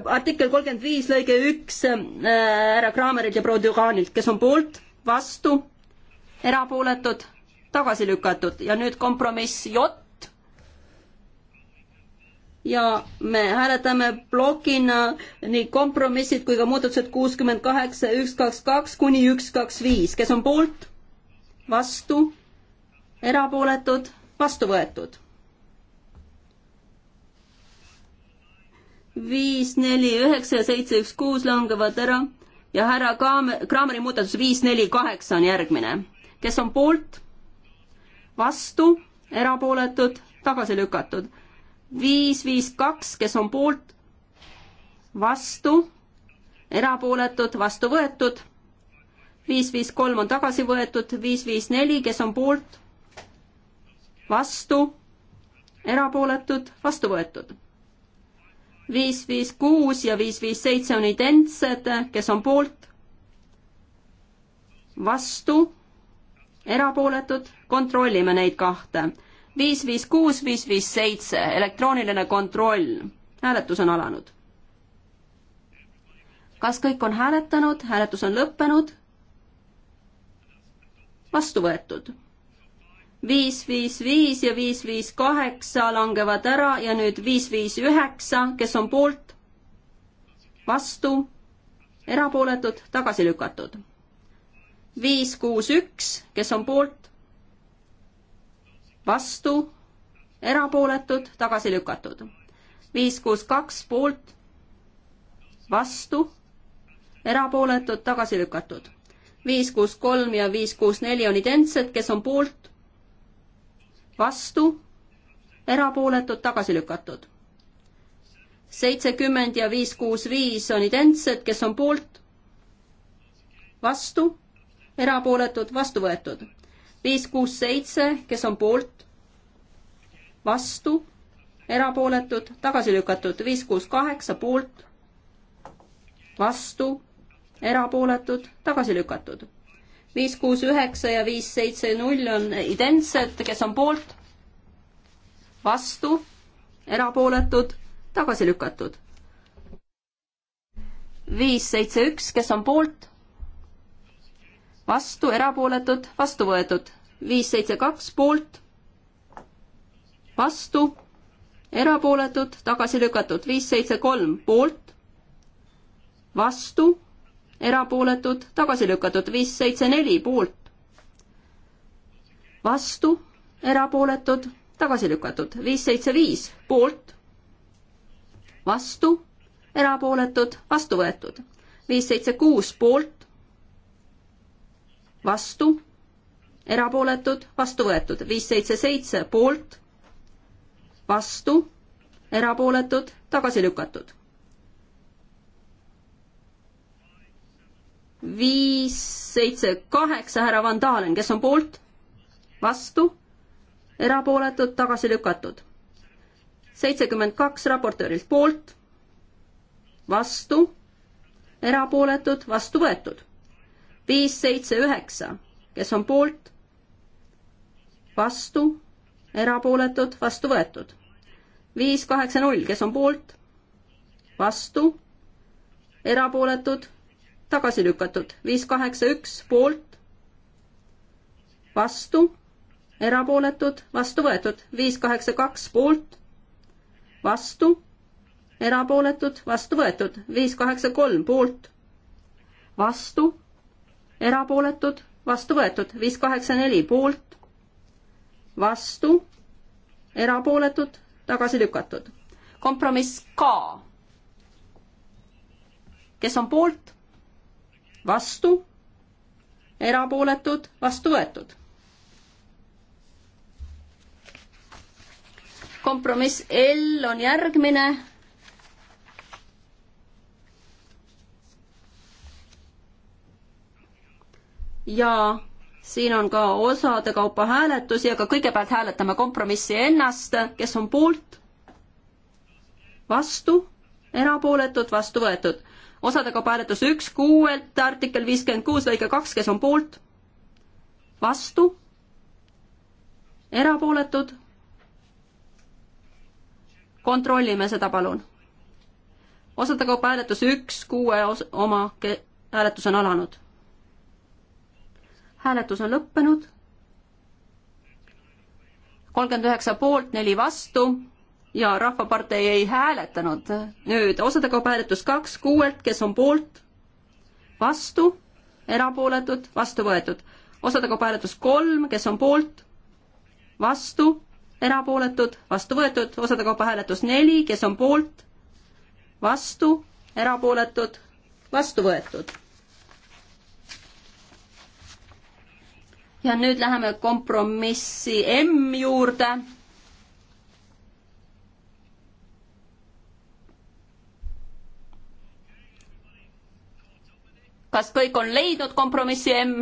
artikkel kolmkümmend viis, lõige üks äh, härra Kraamerilt ja proua Düganilt, kes on poolt, vastu, erapooletud, tagasi lükatud ja nüüd kompromiss J ja me hääletame plokina nii kompromissid kui ka muudatused kuuskümmend kaheksa, üks, kaks, kaks kuni üks, kaks, viis, kes on poolt, vastu, erapooletud, vastu võetud. viis, neli, üheksa ja seitse, üks, kuus langevad ära ja härra Kraam-, Kraameri muudatus viis, neli, kaheksa on järgmine. kes on poolt, vastu, erapooletud, tagasi lükatud viis, viis, kaks, kes on poolt, vastu, erapooletud, vastu võetud, viis, viis, kolm on tagasi võetud, viis, viis, neli, kes on poolt, vastu, erapooletud, vastu võetud. viis, viis, kuus ja viis, viis, seitse on identsed, kes on poolt, vastu, erapooletud, kontrollime neid kahte viis, viis, kuus, viis, viis, seitse, elektrooniline kontroll. hääletus on alanud. kas kõik on hääletanud, hääletus on lõppenud? vastu võetud. viis, viis, viis ja viis, viis, kaheksa langevad ära ja nüüd viis, viis, üheksa, kes on poolt, vastu, erapooletud, tagasi lükatud. viis, kuus, üks, kes on poolt, vastu, erapooletud, tagasi lükatud. viis, kuus, kaks poolt, vastu, erapooletud, tagasi lükatud. viis, kuus, kolm ja viis, kuus, neli on identsed, kes on poolt, vastu, erapooletud, tagasi lükatud. seitsekümmend ja viis, kuus, viis on identsed, kes on poolt, vastu, erapooletud, vastu võetud viis, kuus, seitse, kes on poolt, vastu, erapooletud, tagasi lükatud, viis, kuus, kaheksa poolt, vastu, erapooletud, tagasi lükatud. viis, kuus, üheksa ja viis, seitse, null on identsed, kes on poolt, vastu, erapooletud, tagasi lükatud. viis, seitse, üks, kes on poolt, vastu, erapooletud, vastu võetud. viis, seitse, kaks poolt, vastu, erapooletud, tagasi lükatud. viis, seitse, kolm poolt, vastu, erapooletud, tagasi lükatud. viis, seitse, neli poolt, vastu, erapooletud, tagasi lükatud. viis, seitse, viis poolt, vastu, erapooletud, vastu võetud. viis, seitse, kuus poolt, vastu, erapooletud, vastu võetud, viis seitse seitse poolt, vastu, erapooletud, tagasi lükatud. viis, seitse, kaheksa, härra Van Dalen, kes on poolt, vastu, erapooletud, tagasi lükatud. seitsekümmend kaks raportöörilt poolt, vastu, erapooletud, vastu võetud viis, seitse, üheksa, kes on poolt, vastu, erapooletud, vastu võetud. viis, kaheksa, null, kes on poolt, vastu, erapooletud, tagasi lükatud. viis, kaheksa, üks, poolt, vastu, erapooletud, vastu võetud. viis, kaheksa, kaks, poolt, vastu, erapooletud, vastu võetud. viis, kaheksa, kolm, poolt, vastu erapooletud, vastu võetud, viis kaheksa neli poolt, vastu, erapooletud, tagasi lükatud. kompromiss ka. kes on poolt, vastu, erapooletud, vastu võetud. kompromiss L on järgmine ja siin on ka osade kaupa hääletusi, aga kõigepealt hääletame kompromissi ennast, kes on poolt, vastu, erapooletud, vastu võetud. osade kaupa hääletus üks kuuelt, artikkel viiskümmend kuus lõige kaks, kes on poolt, vastu, erapooletud. kontrollime seda, palun. osade kaupa hääletus üks kuue os-, oma hääletus on alanud hääletus on lõppenud. kolmkümmend üheksa poolt, neli vastu ja Rahvapartei ei hääletanud. nüüd osade kaupa hääletus kaks kuuelt, kes on poolt, vastu, erapooletud, vastu võetud. osade kaupa hääletus kolm, kes on poolt, vastu, erapooletud, vastu võetud. osade kaupa hääletus neli, kes on poolt, vastu, erapooletud, vastu võetud ja nüüd läheme kompromissi M juurde. kas kõik on leidnud kompromissi M?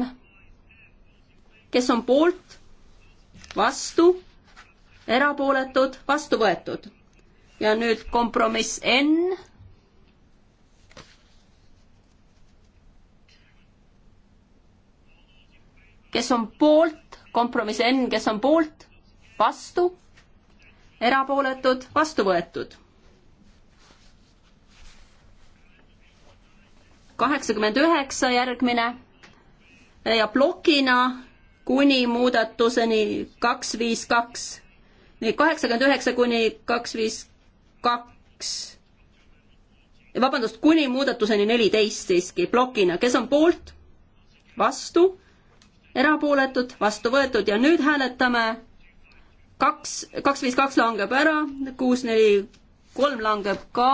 kes on poolt, vastu, erapooletud, vastu võetud ja nüüd kompromiss N kes on poolt, kompromiss N, kes on poolt, vastu, erapooletud, vastu võetud. kaheksakümmend üheksa järgmine ja plokina kuni muudatuseni kaks, viis, kaks. nii, kaheksakümmend üheksa kuni kaks, viis, kaks. vabandust, kuni muudatuseni neliteist siiski plokina, kes on poolt, vastu erapooletud, vastu võetud ja nüüd hääletame kaks, kaks viis kaks langeb ära, kuus neli kolm langeb ka,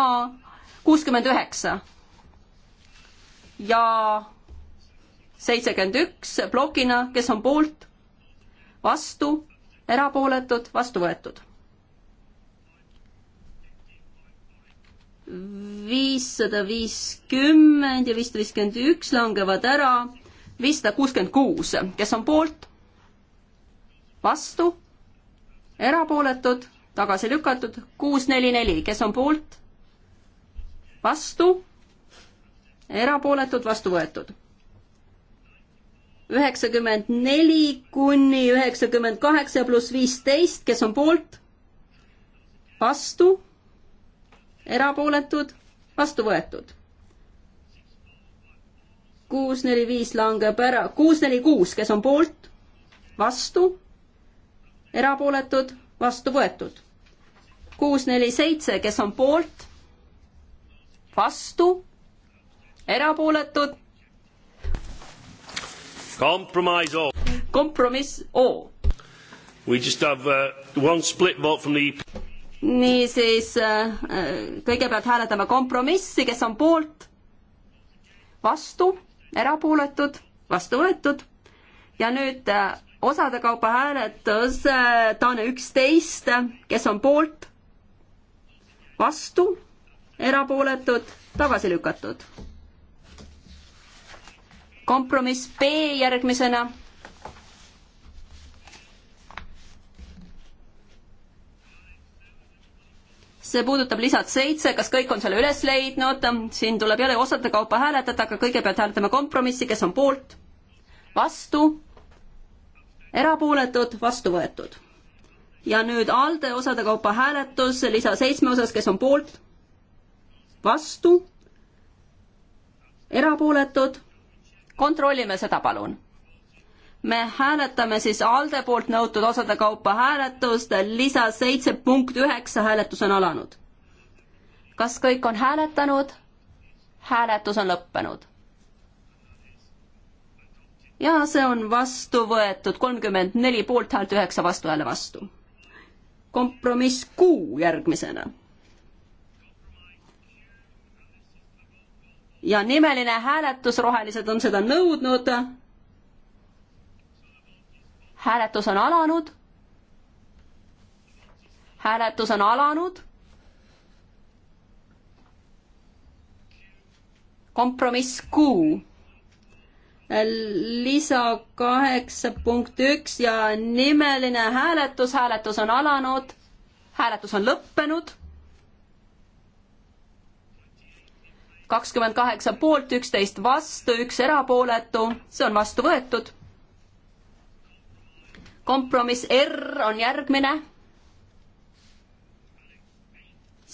kuuskümmend üheksa ja seitsekümmend üks plokina, kes on poolt, vastu, erapooletud, vastu võetud. viissada viiskümmend ja viissada viiskümmend üks langevad ära viissada kuuskümmend kuus, kes on poolt, vastu, erapooletud, tagasi lükatud, kuus, neli, neli, kes on poolt, vastu, erapooletud, vastu võetud üheksakümmend neli kuni üheksakümmend kaheksa pluss viisteist, kes on poolt, vastu, erapooletud, vastu võetud kuus, neli, viis langeb ära, kuus, neli, kuus, kes on poolt, vastu, erapooletud, vastu võetud. kuus, neli, seitse, kes on poolt, vastu, erapooletud. kompromiss O. kompromiss O. We just have uh, one split vote from the e niisiis uh, uh, kõigepealt hääletame kompromissi, kes on poolt, vastu, erapooletud, vastu võetud ja nüüd äh, osade kaupa hääletus äh, Taane üksteist, kes on poolt, vastu, erapooletud, tagasi lükatud. kompromiss B järgmisena see puudutab lisad seitse, kas kõik on selle üles leidnud, siin tuleb jälle osade kaupa hääletada, aga kõigepealt hääletame kompromissi, kes on poolt, vastu, erapooletud, vastu võetud. ja nüüd ALDE osade kaupa hääletus lisa seitsme osas, kes on poolt, vastu, erapooletud, kontrollime seda, palun me hääletame siis ALDE poolt nõutud osade kaupa hääletust, lisa seitse punkt üheksa hääletus on alanud. kas kõik on hääletanud? hääletus on lõppenud. ja see on vastu võetud, kolmkümmend neli poolthäält, üheksa vastuhääle vastu. kompromiss Q järgmisena ja nimeline hääletus, rohelised on seda nõudnud hääletus on alanud. hääletus on alanud. kompromiss Q. lisa kaheksa punkt üks ja nimeline hääletus, hääletus on alanud, hääletus on lõppenud kakskümmend kaheksa poolt, üksteist vastu, üks erapooletu, see on vastu võetud kompromiss R on järgmine.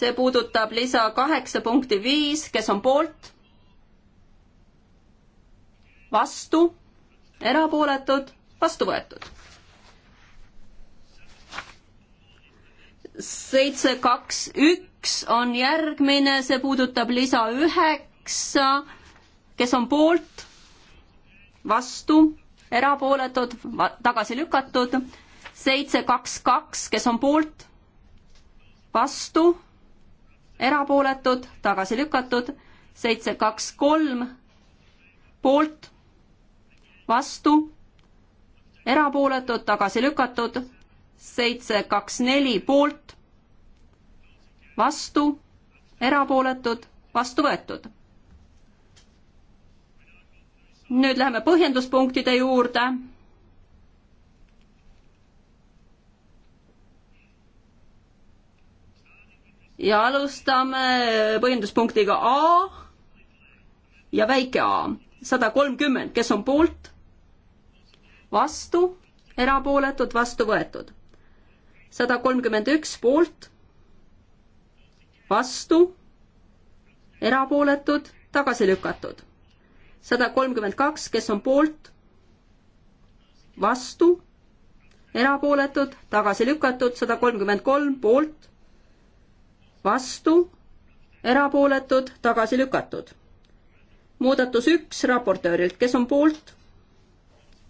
see puudutab lisa kaheksa punkti viis, kes on poolt? vastu, erapooletud, vastu võetud. seitse, kaks, üks on järgmine, see puudutab lisa üheksa, kes on poolt, vastu erapooletud, tagasi lükatud, seitse, kaks, kaks, kes on poolt, vastu, erapooletud, tagasi lükatud, seitse, kaks, kolm, poolt, vastu, erapooletud, tagasi lükatud, seitse, kaks, neli, poolt, vastu, erapooletud, vastu võetud nüüd läheme põhjenduspunktide juurde. ja alustame põhjenduspunktiga A ja väike A, sada kolmkümmend, kes on poolt, vastu, erapooletud, vastu võetud. sada kolmkümmend üks poolt, vastu, erapooletud, tagasi lükatud sada kolmkümmend kaks, kes on poolt, vastu, erapooletud, tagasi lükatud, sada kolmkümmend kolm poolt, vastu, erapooletud, tagasi lükatud. muudatus üks raportöörilt, kes on poolt,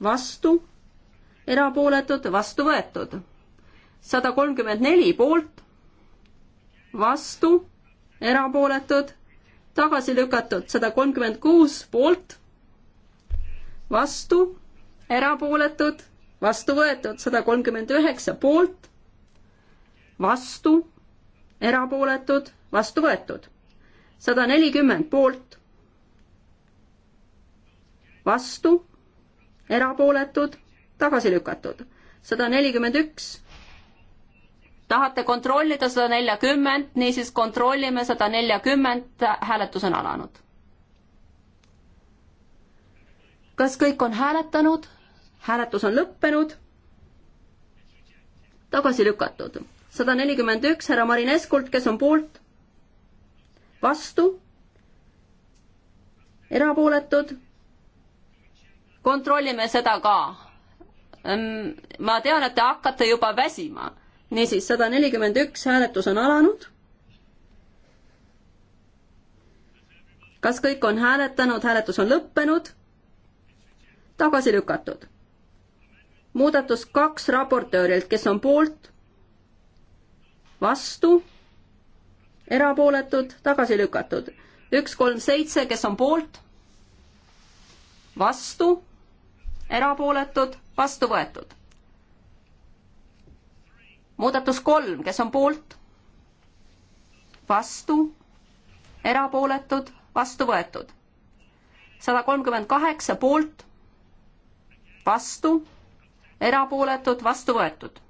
vastu, erapooletud, vastu võetud. sada kolmkümmend neli poolt, vastu, erapooletud, tagasi lükatud, sada kolmkümmend kuus poolt, vastu, erapooletud, vastu võetud, sada kolmkümmend üheksa poolt, vastu, erapooletud, vastu võetud, sada nelikümmend poolt, vastu, erapooletud, tagasi lükatud, sada nelikümmend üks tahate kontrollida sada neljakümmet, niisiis kontrollime sada neljakümmet, hääletus on alanud. kas kõik on hääletanud? hääletus on lõppenud. tagasi lükatud. sada nelikümmend üks härra Marineskult, kes on poolt, vastu, erapooletud. kontrollime seda ka. Ehm, ma tean, et te hakkate juba väsima niisiis, sada nelikümmend üks hääletus on alanud. kas kõik on hääletanud, hääletus on lõppenud? tagasi lükatud. muudatus kaks raportöörilt, kes on poolt, vastu, erapooletud, tagasi lükatud. üks, kolm, seitse, kes on poolt, vastu, erapooletud, vastu võetud muudatus kolm, kes on poolt? vastu? erapooletud? vastu võetud? sada kolmkümmend kaheksa poolt, vastu, erapooletud, vastu võetud.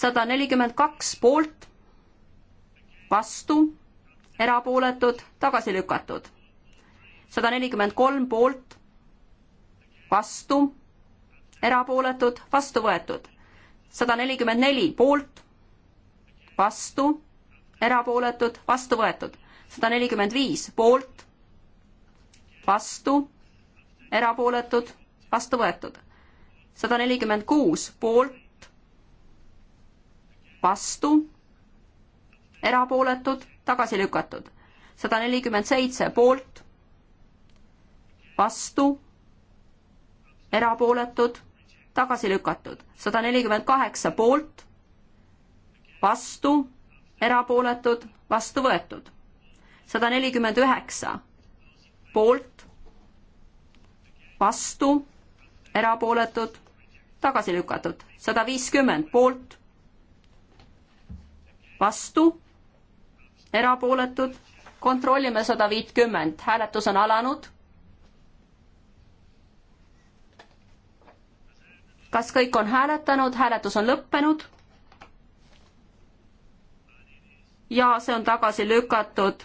sada nelikümmend kaks poolt, vastu, erapooletud, tagasi lükatud. sada nelikümmend kolm poolt, vastu, erapooletud, vastu võetud sada nelikümmend neli poolt, vastu, erapooletud, vastu võetud. sada nelikümmend viis poolt, vastu, erapooletud, vastu võetud. sada nelikümmend kuus poolt, vastu, erapooletud, tagasi lükatud. sada nelikümmend seitse poolt, vastu, erapooletud tagasi lükatud. sada nelikümmend kaheksa poolt, vastu, erapooletud, vastu võetud. sada nelikümmend üheksa poolt, vastu, erapooletud, tagasi lükatud. sada viiskümmend poolt, vastu, erapooletud, kontrollime sada viitkümmend, hääletus on alanud kas kõik on hääletanud, hääletus on lõppenud? ja see on tagasi lükatud.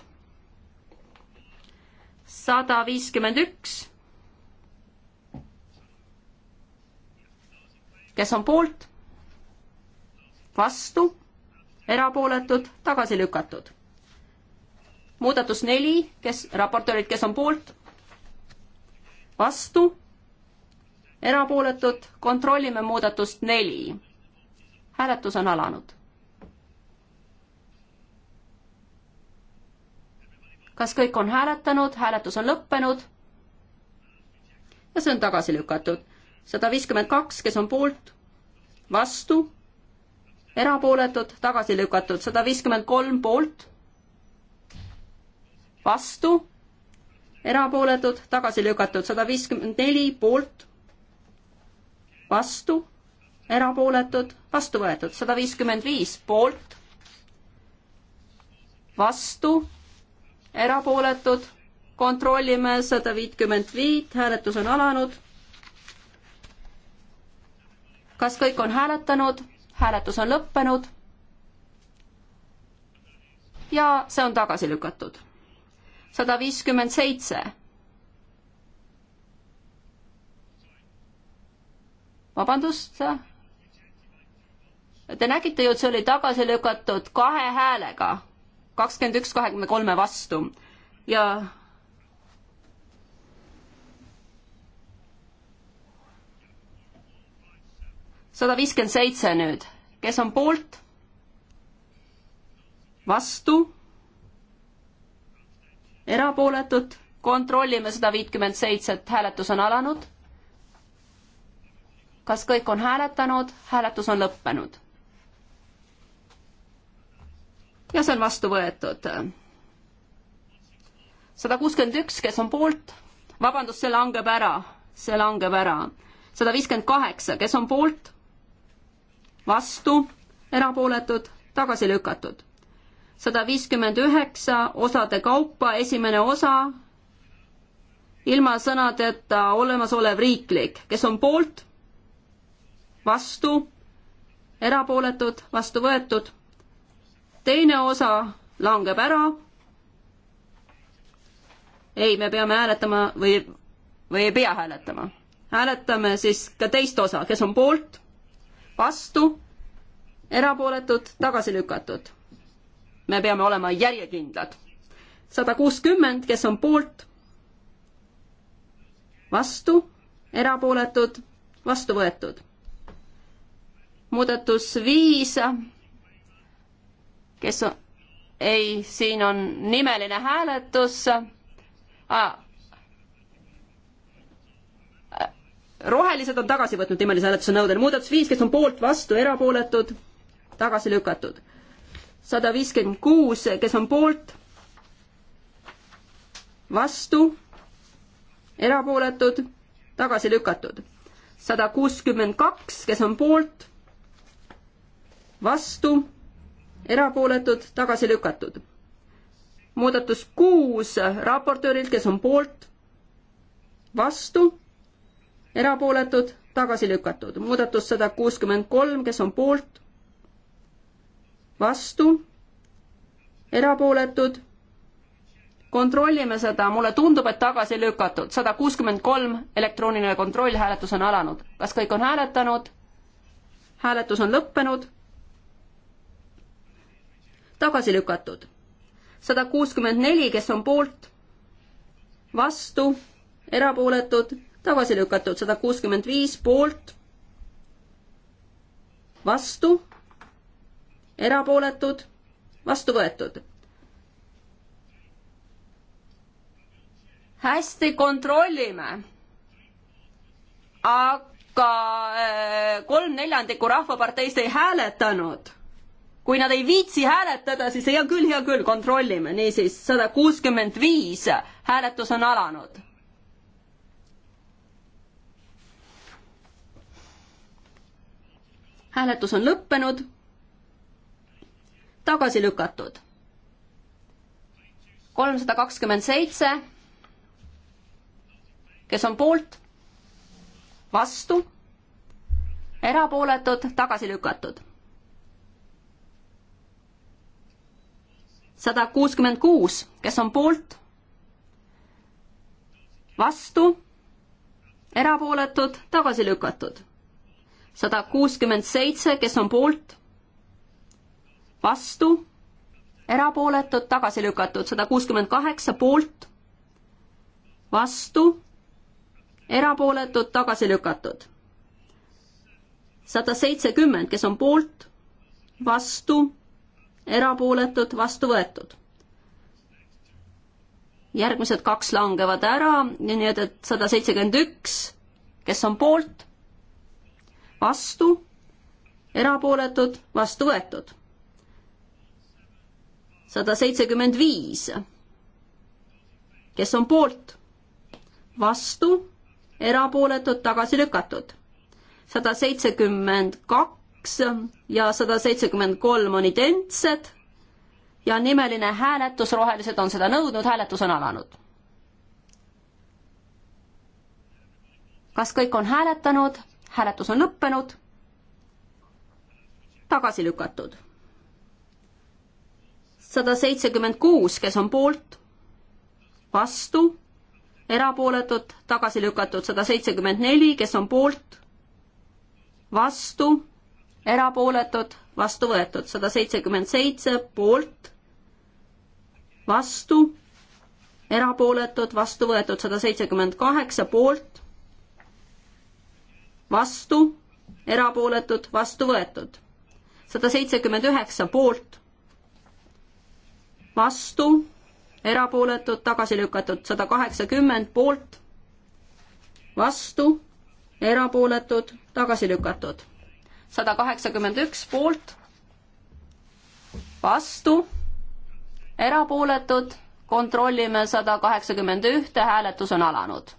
sada viiskümmend üks. kes on poolt? vastu? erapooletud? tagasi lükatud. muudatus neli, kes, raportöörid, kes on poolt? vastu? erapooletud, kontrollime muudatust neli. hääletus on alanud. kas kõik on hääletanud, hääletus on lõppenud? ja see on tagasi lükatud. sada viiskümmend kaks, kes on poolt, vastu, erapooletud, tagasi lükatud, sada viiskümmend kolm poolt, vastu, erapooletud, tagasi lükatud, sada viiskümmend neli poolt vastu, erapooletud, vastu võetud, sada viiskümmend viis poolt, vastu, erapooletud, kontrollime sada viitkümmend viit, hääletus on alanud. kas kõik on hääletanud? hääletus on lõppenud. ja see on tagasi lükatud. sada viiskümmend seitse vabandust? Te nägite ju, et see oli tagasi lükatud kahe häälega, kakskümmend üks, kahekümne kolme vastu ja sada viiskümmend seitse nüüd, kes on poolt? vastu? erapooletud? kontrollime sada viitkümmend seitset, hääletus on alanud kas kõik on hääletanud? hääletus on lõppenud. ja see on vastu võetud. sada kuuskümmend üks, kes on poolt, vabandust, see langeb ära, see langeb ära. sada viiskümmend kaheksa, kes on poolt, vastu, erapooletud, tagasi lükatud. sada viiskümmend üheksa osade kaupa, esimene osa, ilma sõnadeta olemasolev riiklik, kes on poolt vastu, erapooletud, vastu võetud. teine osa langeb ära. ei, me peame hääletama või, või ei pea hääletama. hääletame siis ka teist osa, kes on poolt, vastu, erapooletud, tagasi lükatud. me peame olema järjekindlad. sada kuuskümmend, kes on poolt, vastu, erapooletud, vastu võetud muudatus viis, kes on, ei, siin on nimeline hääletus ah.. rohelised on tagasi võtnud nimelise hääletuse nõudel, muudatus viis, kes on poolt, vastu, erapooletud, tagasi lükatud. sada viiskümmend kuus, kes on poolt, vastu, erapooletud, tagasi lükatud. sada kuuskümmend kaks, kes on poolt vastu, erapooletud, tagasi lükatud. muudatus kuus raportöörilt, kes on poolt, vastu, erapooletud, tagasi lükatud. muudatus sada kuuskümmend kolm, kes on poolt, vastu, erapooletud, kontrollime seda, mulle tundub, et tagasi lükatud. sada kuuskümmend kolm, elektrooniline kontroll, hääletus on alanud. kas kõik on hääletanud? hääletus on lõppenud tagasi lükatud. sada kuuskümmend neli, kes on poolt, vastu, erapooletud, tagasi lükatud, sada kuuskümmend viis poolt, vastu, erapooletud, vastu võetud hästi kontrollime. aga äh, kolm neljandikku Rahvaparteist ei hääletanud kui nad ei viitsi hääletada, siis hea küll, hea küll, kontrollime, niisiis sada kuuskümmend viis hääletus on alanud. hääletus on lõppenud, tagasi lükatud. kolmsada kakskümmend seitse, kes on poolt, vastu, erapooletud, tagasi lükatud sada kuuskümmend kuus, kes on poolt, vastu, erapooletud, tagasi lükatud. sada kuuskümmend seitse, kes on poolt, vastu, erapooletud, tagasi lükatud, sada kuuskümmend kaheksa poolt, vastu, erapooletud, tagasi lükatud. sada seitsekümmend, kes on poolt, vastu erapooletud, vastu võetud. järgmised kaks langevad ära, nii et, et sada seitsekümmend üks, kes on poolt, vastu, erapooletud, vastu võetud. sada seitsekümmend viis, kes on poolt, vastu, erapooletud, tagasi lükatud. sada seitsekümmend kaks, kaks ja sada seitsekümmend kolm on identsed ja nimeline hääletus, rohelised on seda nõudnud, hääletus on alanud. kas kõik on hääletanud? hääletus on lõppenud. tagasi lükatud. sada seitsekümmend kuus, kes on poolt, vastu, erapooletud, tagasi lükatud, sada seitsekümmend neli, kes on poolt, vastu erapooletud, vastu võetud, sada seitsekümmend seitse poolt, vastu, erapooletud, vastu võetud, sada seitsekümmend kaheksa poolt, vastu, erapooletud, vastu võetud, sada seitsekümmend üheksa poolt, vastu, erapooletud, tagasi lükatud, sada kaheksakümmend poolt, vastu, erapooletud, tagasi lükatud sada kaheksakümmend üks poolt, vastu, erapooletud, kontrollime sada kaheksakümmend ühte, hääletus on alanud.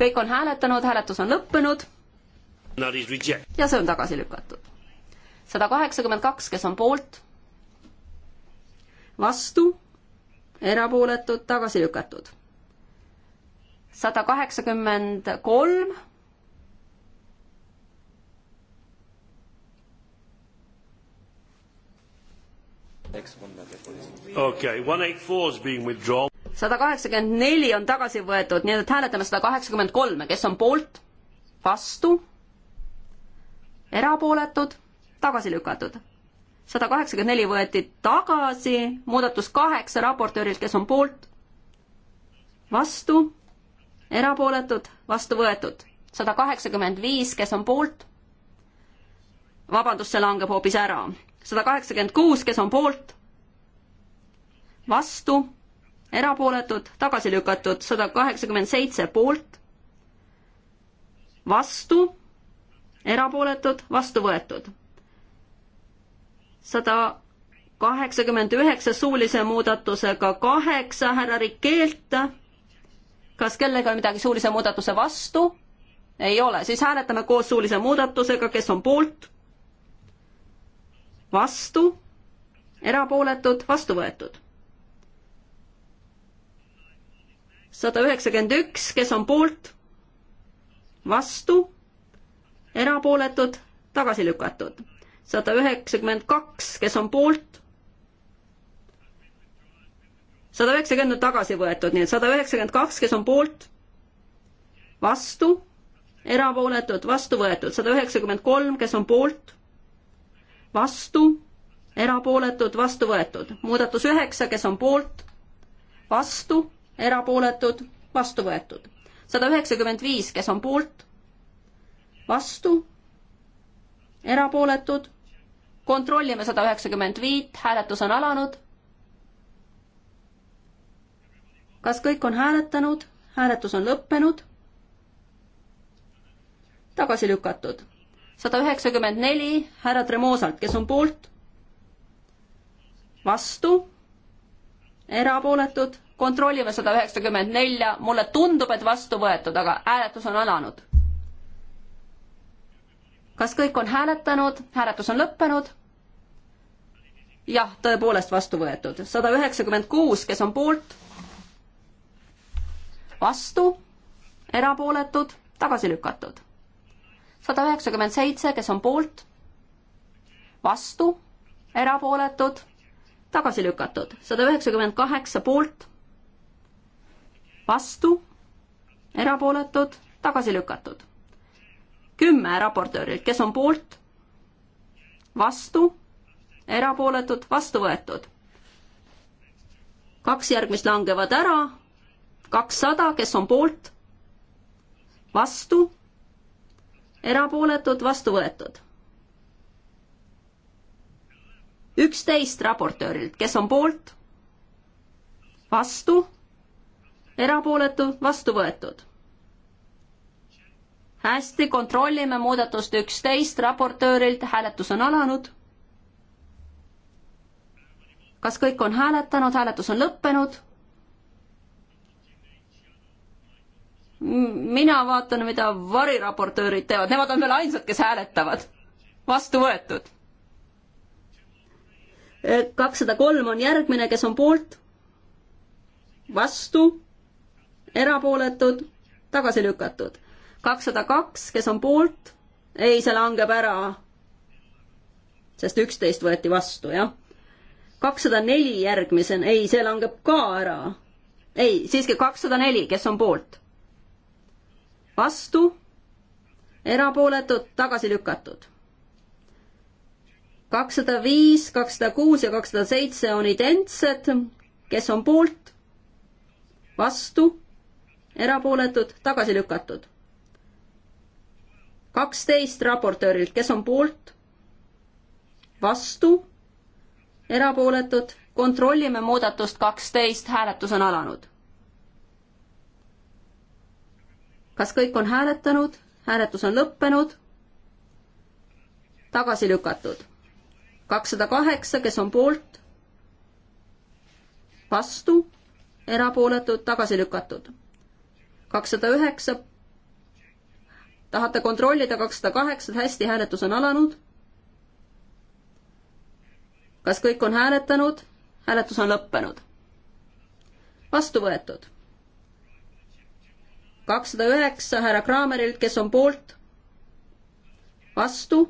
kõik on hääletanud, hääletus on lõppenud. ja see on tagasi lükatud. sada kaheksakümmend kaks, kes on poolt, vastu, erapooletud, tagasi lükatud sada kaheksakümmend kolm. okei, one eight four is being withdrawn. sada kaheksakümmend neli on tagasi võetud, nii et hääletame sada kaheksakümmend kolme, kes on poolt, vastu, erapooletud, tagasi lükatud. sada kaheksakümmend neli võeti tagasi, muudatus kaheksa raportöörilt, kes on poolt, vastu erapooletud, vastu võetud. sada kaheksakümmend viis, kes on poolt, vabandust, see langeb hoopis ära. sada kaheksakümmend kuus, kes on poolt, vastu, erapooletud, tagasi lükatud, sada kaheksakümmend seitse poolt, vastu, erapooletud, vastu võetud. sada kaheksakümmend üheksa suulise muudatusega kaheksa härra Rikeelt kas kellega on midagi suulise muudatuse vastu? ei ole, siis hääletame koos suulise muudatusega, kes on poolt, vastu, erapooletud, vastu võetud. sada üheksakümmend üks, kes on poolt, vastu, erapooletud, tagasi lükatud. sada üheksakümmend kaks, kes on poolt, sada üheksakümmend on tagasi võetud, nii et sada üheksakümmend kaks, kes on poolt, vastu, erapooletud, vastu võetud, sada üheksakümmend kolm, kes on poolt, vastu, erapooletud, vastu võetud. muudatus üheksa, kes on poolt, vastu, erapooletud, vastu võetud. sada üheksakümmend viis, kes on poolt, vastu, erapooletud, kontrollime sada üheksakümmend viit, hääletus on alanud kas kõik on hääletanud? hääletus on lõppenud. tagasi lükatud. sada üheksakümmend neli härra Tremosalt, kes on poolt? vastu? erapooletud? kontrollime sada üheksakümmend nelja, mulle tundub, et vastu võetud, aga hääletus on alanud. kas kõik on hääletanud? hääletus on lõppenud jah, tõepoolest vastu võetud. sada üheksakümmend kuus, kes on poolt, vastu, erapooletud, tagasi lükatud. sada üheksakümmend seitse, kes on poolt, vastu, erapooletud, tagasi lükatud. sada üheksakümmend kaheksa poolt, vastu, erapooletud, tagasi lükatud. kümme raportöörilt, kes on poolt, vastu, erapooletud, vastu võetud kaks järgmist langevad ära, kakssada, kes on poolt, vastu, erapooletud, vastu võetud. üksteist raportöörilt, kes on poolt, vastu, erapooletu, vastu võetud. hästi, kontrollime muudatust üksteist raportöörilt, hääletus on alanud kas kõik on hääletanud, hääletus on lõppenud mina vaatan, mida variraportöörid teevad, nemad on veel ainsad, kes hääletavad. vastu võetud. kakssada kolm on järgmine, kes on poolt, vastu, erapooletud, tagasi lükatud. kakssada kaks, kes on poolt, ei, see langeb ära, sest üksteist võeti vastu, jah. kakssada neli järgmisena, ei, see langeb ka ära. ei, siiski kakssada neli, kes on poolt vastu, erapooletud, tagasi lükatud. kakssada viis, kakssada kuus ja kakssada seitse on identsed, kes on poolt, vastu, erapooletud, tagasi lükatud. kaksteist raportöörilt, kes on poolt, vastu, erapooletud, kontrollime muudatust kaksteist, hääletus on alanud kas kõik on hääletanud? hääletus on lõppenud. tagasi lükatud. kakssada kaheksa, kes on poolt? vastu, erapooletud, tagasi lükatud. kakssada üheksa. tahate kontrollida kakssada kaheksat, hästi, hääletus on alanud. kas kõik on hääletanud? hääletus on lõppenud. vastu võetud kakssada üheksa härra Kraamerilt, kes on poolt, vastu,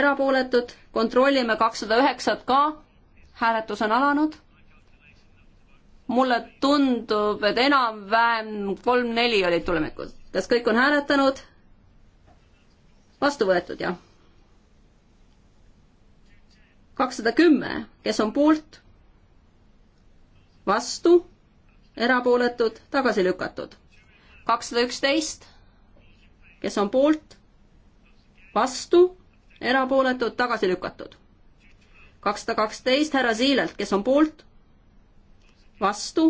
erapooletud, kontrollime kakssada üheksat ka, hääletus on alanud. mulle tundub, et enam-vähem kolm-neli olid tulemikud. kas kõik on hääletanud? vastu võetud, jah. kakssada kümme, kes on poolt? vastu erapooletud, tagasi lükatud. kakssada üksteist, kes on poolt, vastu, erapooletud, tagasi lükatud. kakssada kaksteist härra Siilelt, kes on poolt, vastu,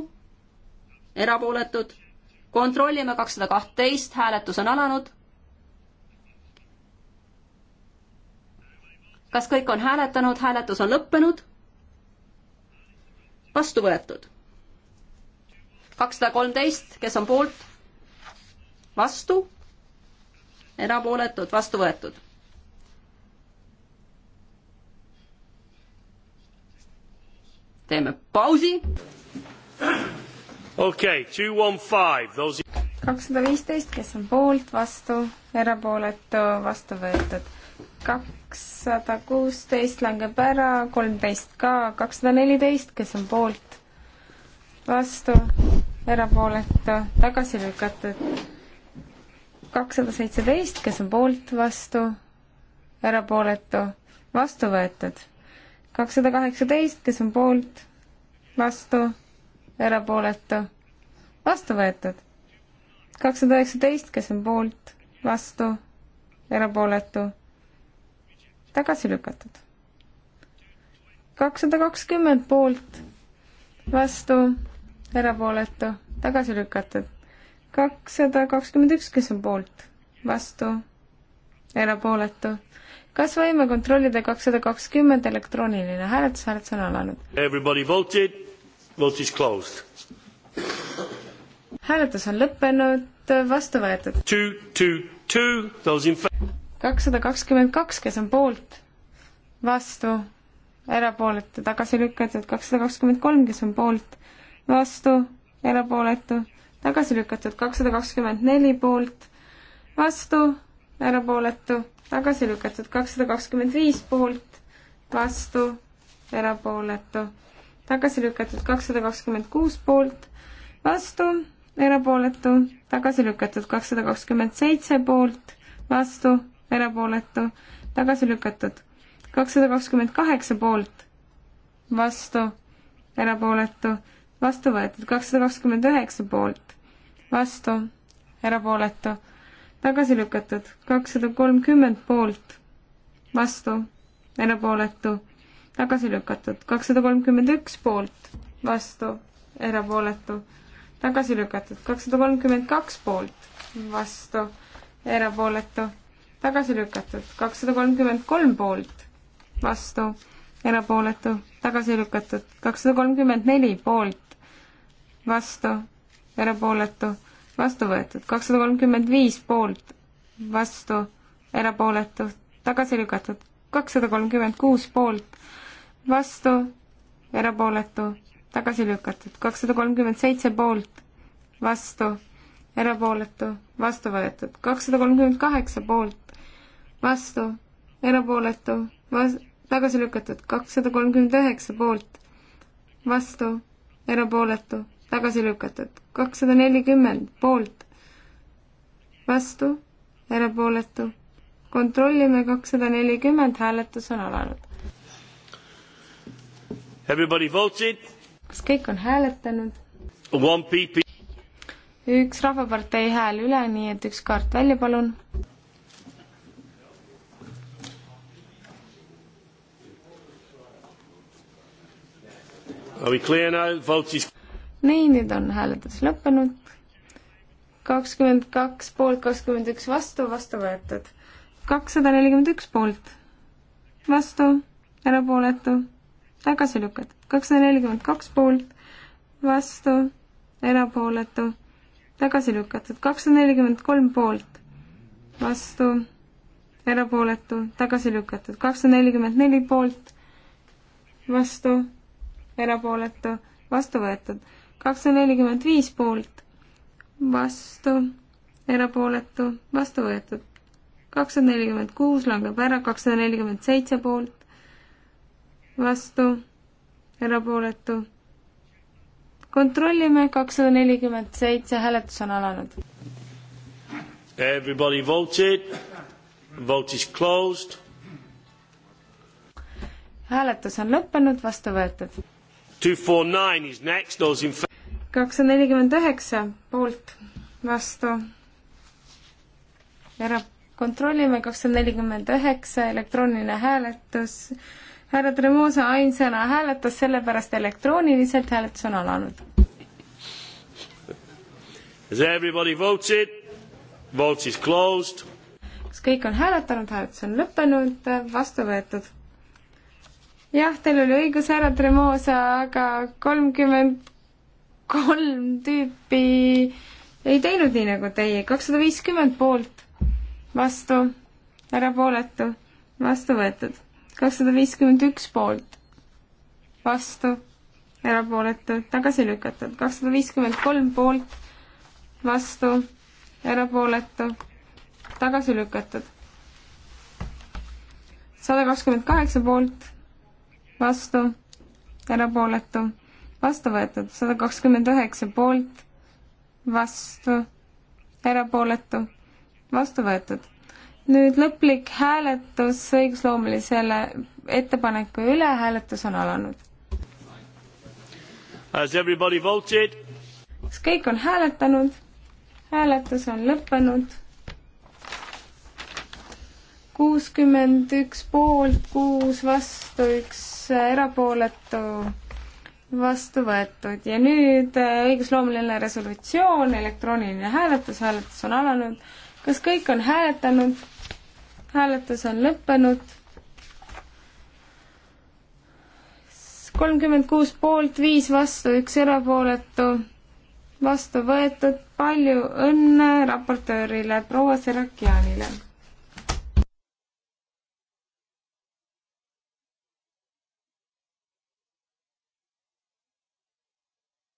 erapooletud, kontrollime kakssada kahtteist, hääletus on alanud. kas kõik on hääletanud, hääletus on lõppenud? vastu võetud kakssada kolmteist, kes on poolt? vastu? erapooletud, vastu võetud. teeme pausi. okei okay,, two one five, those kakssada viisteist, kes on poolt, vastu, erapooletu, vastu võetud. kakssada kuusteist langeb ära, kolmteist ka, kakssada neliteist, kes on poolt, vastu, erapooletu, tagasi lükatud. kakssada seitseteist, kes on poolt, vastu, erapooletu, vastu võetud. kakssada kaheksateist, kes on poolt, vastu, erapooletu, vastu võetud. kakssada üheksateist, kes on poolt, vastu, erapooletu, tagasi lükatud kakssada kakskümmend poolt, vastu, erapooletu, tagasi lükatud. kakssada kakskümmend üks, kes on poolt, vastu, erapooletu. kas võime kontrollida kakssada kakskümmend elektrooniline hääletus, hääletus on alanud. Everybody voted, vote is closed. hääletus on lõppenud, vastu võetud. Two, two, two, those in favor. kakssada kakskümmend kaks, kes on poolt, vastu, erapooletu, tagasi lükatud, kakssada kakskümmend kolm, kes on poolt vastu, erapooletu, tagasi lükatud kakssada kakskümmend neli poolt, vastu, erapooletu, tagasi lükatud kakssada kakskümmend viis poolt, vastu, erapooletu, tagasi lükatud kakssada kakskümmend kuus poolt, vastu, erapooletu, tagasi lükatud kakssada kakskümmend seitse poolt, vastu, erapooletu, tagasi lükatud kakssada kakskümmend kaheksa poolt, vastu, erapooletu vastu võetud, kakssada kakskümmend üheksa poolt, vastu, erapooletu, tagasi lükatud, kakssada kolmkümmend poolt, vastu, erapooletu, tagasi lükatud, kakssada kolmkümmend üks poolt, vastu, erapooletu, tagasi lükatud, kakssada kolmkümmend kaks poolt, vastu, erapooletu, tagasi lükatud, kakssada kolmkümmend kolm poolt, vastu, erapooletu, tagasi lükatud, kakssada kolmkümmend neli poolt, vastu, erapooletu, vastu võetud. kakssada kolmkümmend viis poolt, vastu, erapooletu, tagasi lükatud. kakssada kolmkümmend kuus poolt, vastu, erapooletu, tagasi lükatud. kakssada kolmkümmend seitse poolt, vastu, erapooletu, vastu võetud. kakssada kolmkümmend kaheksa poolt, vastu, erapooletu, vas-, tagasi lükatud. kakssada kolmkümmend üheksa poolt, vastu, erapooletu, tagasi lükatud. kakssada nelikümmend poolt, vastu, erapooletu. kontrollime kakssada nelikümmend, hääletus on alanud. kas kõik on hääletanud? üks Rahvapartei hääl üle, nii et üks kaart välja, palun. Are we clear now? Vote is nii, nüüd on hääletus lõppenud. kakskümmend kaks poolt, kakskümmend üks vastu, vastu võetud. kakssada nelikümmend üks poolt, vastu, erapooletu, tagasi lükatud. kakssada nelikümmend kaks poolt, vastu, erapooletu, tagasi lükatud. kakssada nelikümmend kolm poolt, vastu, erapooletu, tagasi lükatud. kakssada nelikümmend neli poolt, vastu, erapooletu, vastu võetud kakssada nelikümmend viis poolt, vastu, erapooletu, vastu võetud. kakssada nelikümmend kuus langeb ära, kakssada nelikümmend seitse poolt, vastu, erapooletu. kontrollime, kakssada nelikümmend seitse, hääletus on alanud. Everybody voted, vote is closed. hääletus on lõppenud, vastu võetud. 249 is next, those in favor kakssada nelikümmend üheksa poolt, vastu. ära kontrollime, kakssada nelikümmend üheksa, elektrooniline hääletus. härra Tremosa ainsana hääletas sellepärast elektrooniliselt, hääletus on alanud. Has everybody voted? Vote is closed. kas kõik on hääletanud, hääletus on lõppenud, vastu võetud jah, teil oli õigus, härra Tremosa, aga kolmkümmend kolm tüüpi ei teinud nii nagu teie, kakssada viiskümmend poolt, vastu, erapooletu, vastu võetud. kakssada viiskümmend üks poolt, vastu, erapooletu, tagasi lükatud. kakssada viiskümmend kolm poolt, vastu, erapooletu, tagasi lükatud. sada kakskümmend kaheksa poolt, vastu, erapooletu vastu võetud, sada kakskümmend üheksa poolt, vastu, erapooletu, vastu võetud. nüüd lõplik hääletus õigusloomelisele ettepaneku üle, hääletus on alanud. kas kõik on hääletanud? hääletus on lõppenud. kuuskümmend üks poolt, kuus vastu, üks erapooletu vastu võetud ja nüüd äh, õigusloomeline resolutsioon, elektrooniline hääletus, hääletus on alanud. kas kõik on hääletanud? hääletus on lõppenud. kolmkümmend kuus poolt, viis vastu, üks erapooletu, vastu võetud, palju õnne raportöörile, proua Serakianile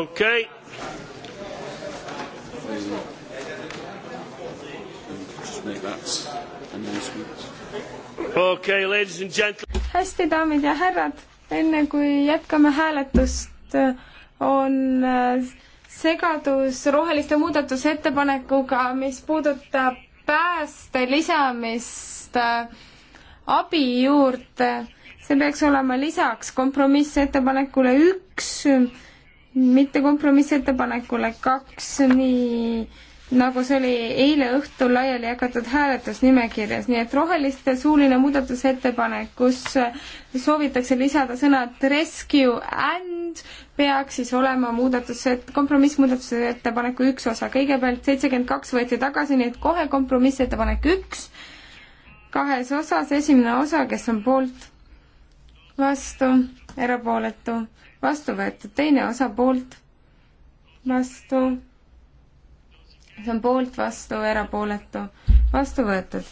Okay. Okay, ladies and gentlemen. hästi, daamid ja härrad, enne kui jätkame hääletust, on äh, segadus roheliste muudatusettepanekuga, mis puudutab pääste lisamist äh, abi juurde. see peaks olema lisaks kompromissettepanekule üks mitte kompromissettepanekule kaks, nii nagu see oli eile õhtul laiali jagatud hääletusnimekirjas, nii et roheliste suuline muudatusettepanek, kus soovitakse lisada sõnad rescue and peaks siis olema muudatused, kompromissmuudatusettepaneku üks osa. kõigepealt seitsekümmend kaks võeti tagasi, nii et kohe kompromissettepanek üks kahes osas, esimene osa, kes on poolt, vastu, erapooletu, vastu võetud, teine osa poolt, vastu, see on poolt, vastu, erapooletu, vastu võetud.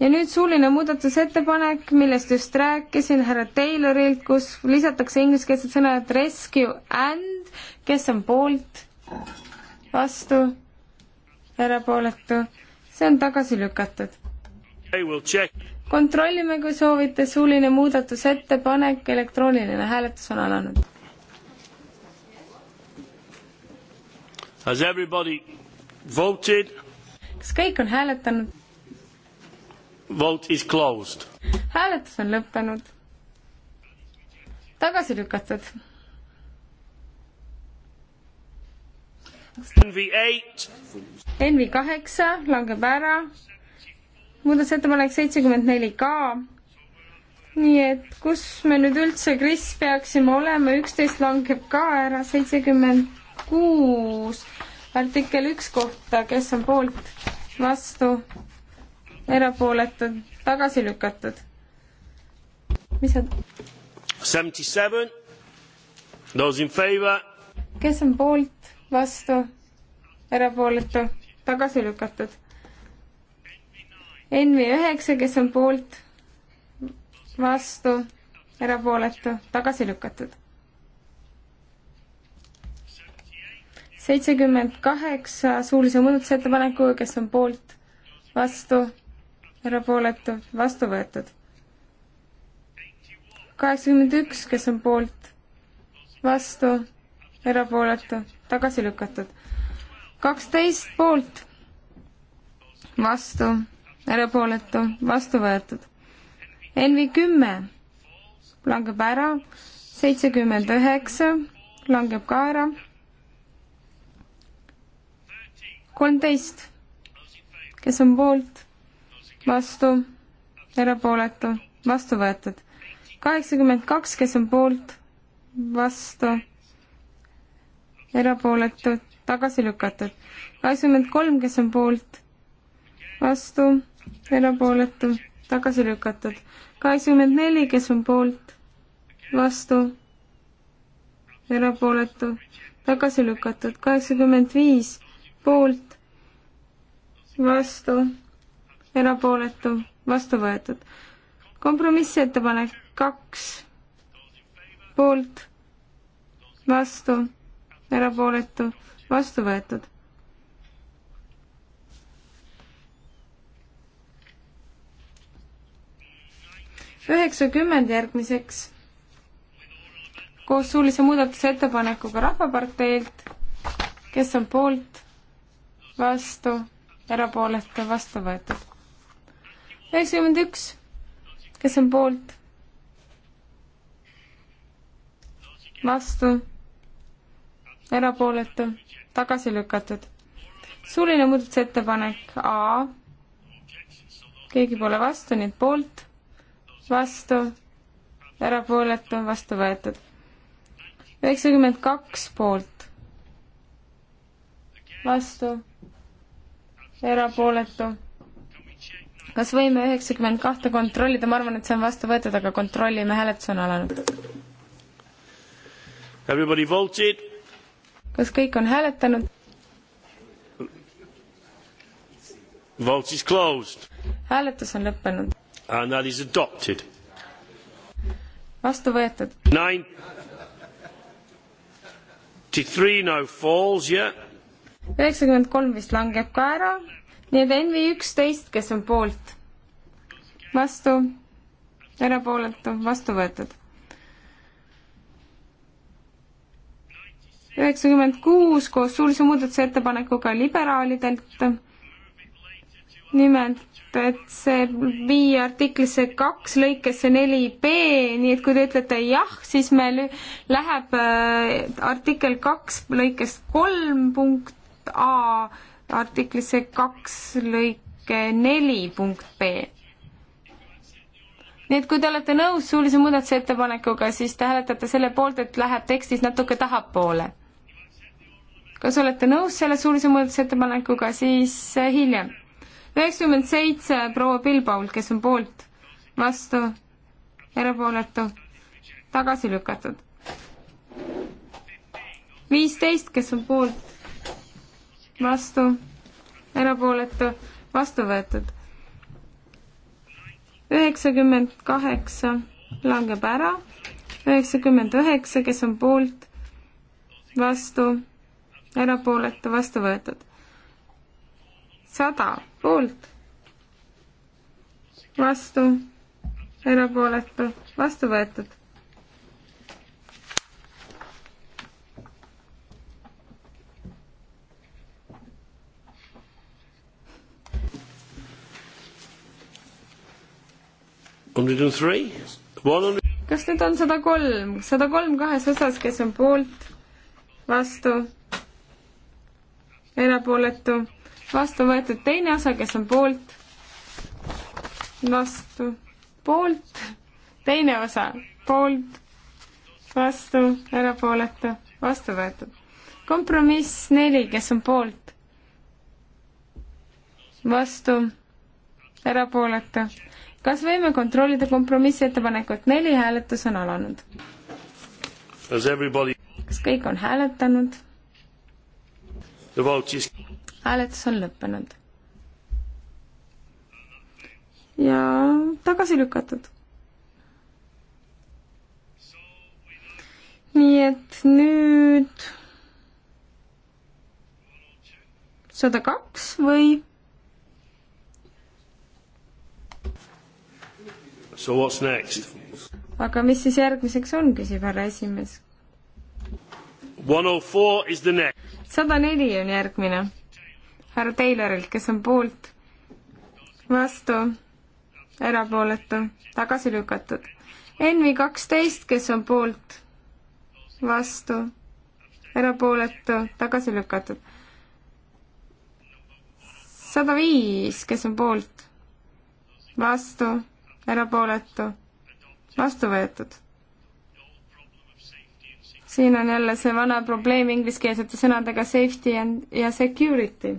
ja nüüd suuline muudatusettepanek, millest just rääkisin härra Taylorilt, kus lisatakse ingliskeelsed sõnad rescue and, kes on poolt, vastu, erapooletu, see on tagasi lükatud kontrollime, kui soovite, suuline muudatusettepanek, elektrooniline hääletus on alanud. Has everybody voted? kas kõik on hääletanud? Vote is closed. hääletus on lõppenud. tagasi lükatud. NV kaheksa langeb ära muudatusettepanek seitsekümmend neli ka. nii et kus me nüüd üldse, Kris, peaksime olema, üksteist langeb ka ära, seitsekümmend kuus artikkel üks kohta, kes on poolt, vastu, erapooletud, tagasi lükatud. mis on? Seventy seven, those in favor. kes on poolt, vastu, erapooletu, tagasi lükatud NV üheksa, kes on poolt, vastu, erapooletu, tagasi lükatud. seitsekümmend kaheksa suulise muudatusettepanekuga, kes on poolt, vastu, erapooletu, vastu võetud. kaheksakümmend üks, kes on poolt, vastu, erapooletu, tagasi lükatud. kaksteist poolt, vastu erapooletu, vastu võetud. NV kümme langeb ära, seitsekümmend üheksa langeb ka ära. kolmteist, kes on poolt, vastu, erapooletu, vastu võetud. kaheksakümmend kaks, kes on poolt, vastu, erapooletud, tagasi lükatud. kaheksakümmend kolm, kes on poolt vastu, erapooletu, tagasi lükatud. kaheksakümmend neli, kes on poolt, vastu, erapooletu, tagasi lükatud. kaheksakümmend viis, poolt, vastu, erapooletu, vastu võetud. kompromissettepanek kaks, poolt, vastu, erapooletu, vastu võetud üheksakümmend järgmiseks koos suulise muudatusettepanekuga Rahvaparteilt, kes on poolt, vastu, erapooletu, vastu võetud. üheksakümmend üks, kes on poolt, vastu, erapooletu, tagasi lükatud. suuline muudatusettepanek A, keegi pole vastu, nii et poolt vastu, erapooletu, vastu võetud. üheksakümmend kaks poolt, vastu, erapooletu. kas võime üheksakümmend kahte kontrollida, ma arvan, et see on vastu võetud, aga kontrollime, hääletus on alanud. kas kõik on hääletanud? hääletus on lõppenud and that is adopted. vastu võetud. üheksakümmend kolm vist langeb ka ära, nii et NV üksteist, kes on poolt, vastu, erapooletu, vastu võetud. üheksakümmend kuus koos suulise muudatusettepanekuga liberaalidelt nimelt, et see viia artiklisse kaks lõikesse neli B, nii et kui te ütlete jah, siis meil läheb äh, artikkel kaks lõikest kolm punkt A artiklisse kaks lõike neli punkt B. nii et kui te olete nõus suulise muudatusettepanekuga, siis te hääletate selle poolt, et läheb tekstis natuke tahapoole. kas olete nõus selle suulise muudatusettepanekuga, siis äh, hiljem üheksakümmend seitse proua Bilbaul, kes on poolt, vastu, erapooletu, tagasi lükatud. viisteist, kes on poolt, vastu, erapooletu, vastu võetud. üheksakümmend kaheksa langeb ära, üheksakümmend üheksa, kes on poolt, vastu, erapooletu, vastu võetud sada poolt, vastu, erapooletu, vastu võetud. kas nüüd on sada kolm, sada kolm kahes osas, kes on poolt, vastu, erapooletu vastu võetud teine osa, kes on poolt, vastu, poolt, teine osa, poolt, vastu, erapooletu, vastu võetud. kompromiss neli, kes on poolt, vastu, erapooletu. kas võime kontrollida kompromissettepanekut neli, hääletus on alanud. kas kõik on hääletanud? Is hääletus on lõppenud. ja tagasi lükatud. nii et nüüd sada kaks või? So what's next? aga mis siis järgmiseks on, küsib härra esimees. Oh sada neli on järgmine härra Taylorilt, kes on poolt, vastu, erapooletu, tagasi lükatud. Envi kaksteist, kes on poolt, vastu, erapooletu, tagasi lükatud. sada viis, kes on poolt, vastu, erapooletu, vastu võetud siin on jälle see vana probleem ingliskeelsete sõnadega safety and, ja security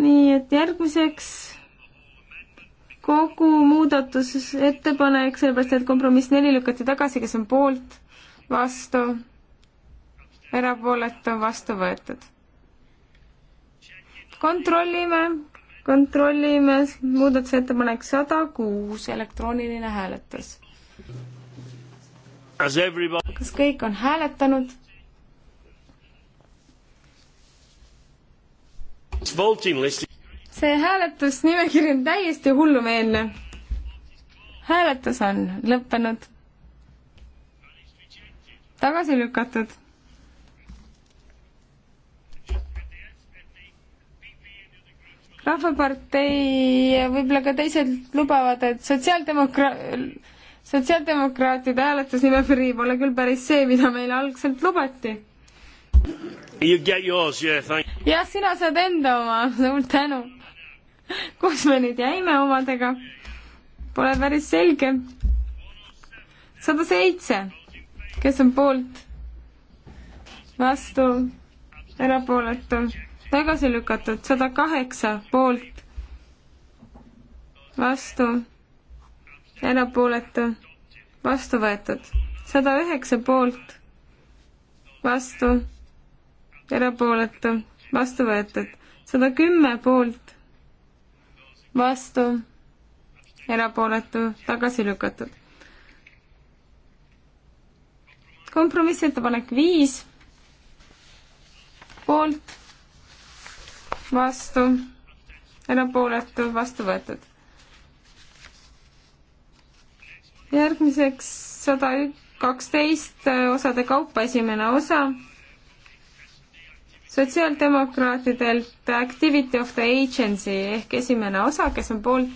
nii et järgmiseks kogu muudatusettepanek, sellepärast et kompromiss neli lükati tagasi, kes on poolt, vastu, erapooletu, vastu võetud. kontrollime, kontrollime, muudatusettepanek sada kuus, elektrooniline hääletus. kas kõik on hääletanud? see hääletusnimekiri on täiesti hullumeelne. hääletus on lõppenud. tagasi lükatud. rahvapartei ja võib-olla ka teised lubavad, et sotsiaaldemokra-, sotsiaaldemokraatide hääletusnimekiri pole küll päris see, mida meile algselt lubati You get yours, yeah, thank you. jah, sina saad enda oma, suur tänu. kus me nüüd jäime omadega? Pole päris selge. sada seitse, kes on poolt? vastu, erapooletu, tagasi lükatud, sada kaheksa poolt, vastu, erapooletu, vastu võetud, sada üheksa poolt, vastu erapooletu, vastu võetud. sada kümme poolt, vastu, erapooletu, tagasi lükatud. kompromissettepanek viis, poolt, vastu, erapooletu, vastu võetud järgmiseks sada kaksteist osade kaupa esimene osa sotsiaaldemokraatidelt Activity of the Agency ehk esimene osa, kes on poolt,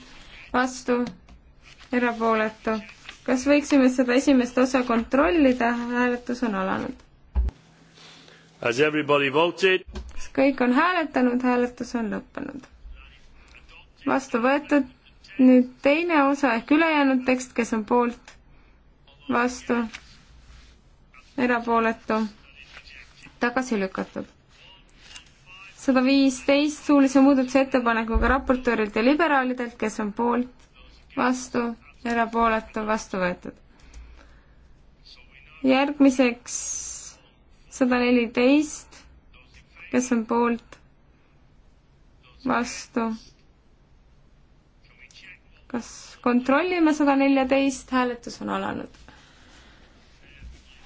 vastu, erapooletu. kas võiksime seda esimest osa kontrollida, hääletus on alanud. kas kõik on hääletanud, hääletus on lõppenud? vastu võetud, nüüd teine osa ehk ülejäänud tekst, kes on poolt, vastu, erapooletu, tagasi lükatud sada viisteist suulise muudatusettepanekuga raportöörilt ja liberaalidelt, kes on poolt, vastu, erapooletu, vastu võetud. järgmiseks sada neliteist, kes on poolt, vastu. kas kontrollime sada neljateist, hääletus on alanud.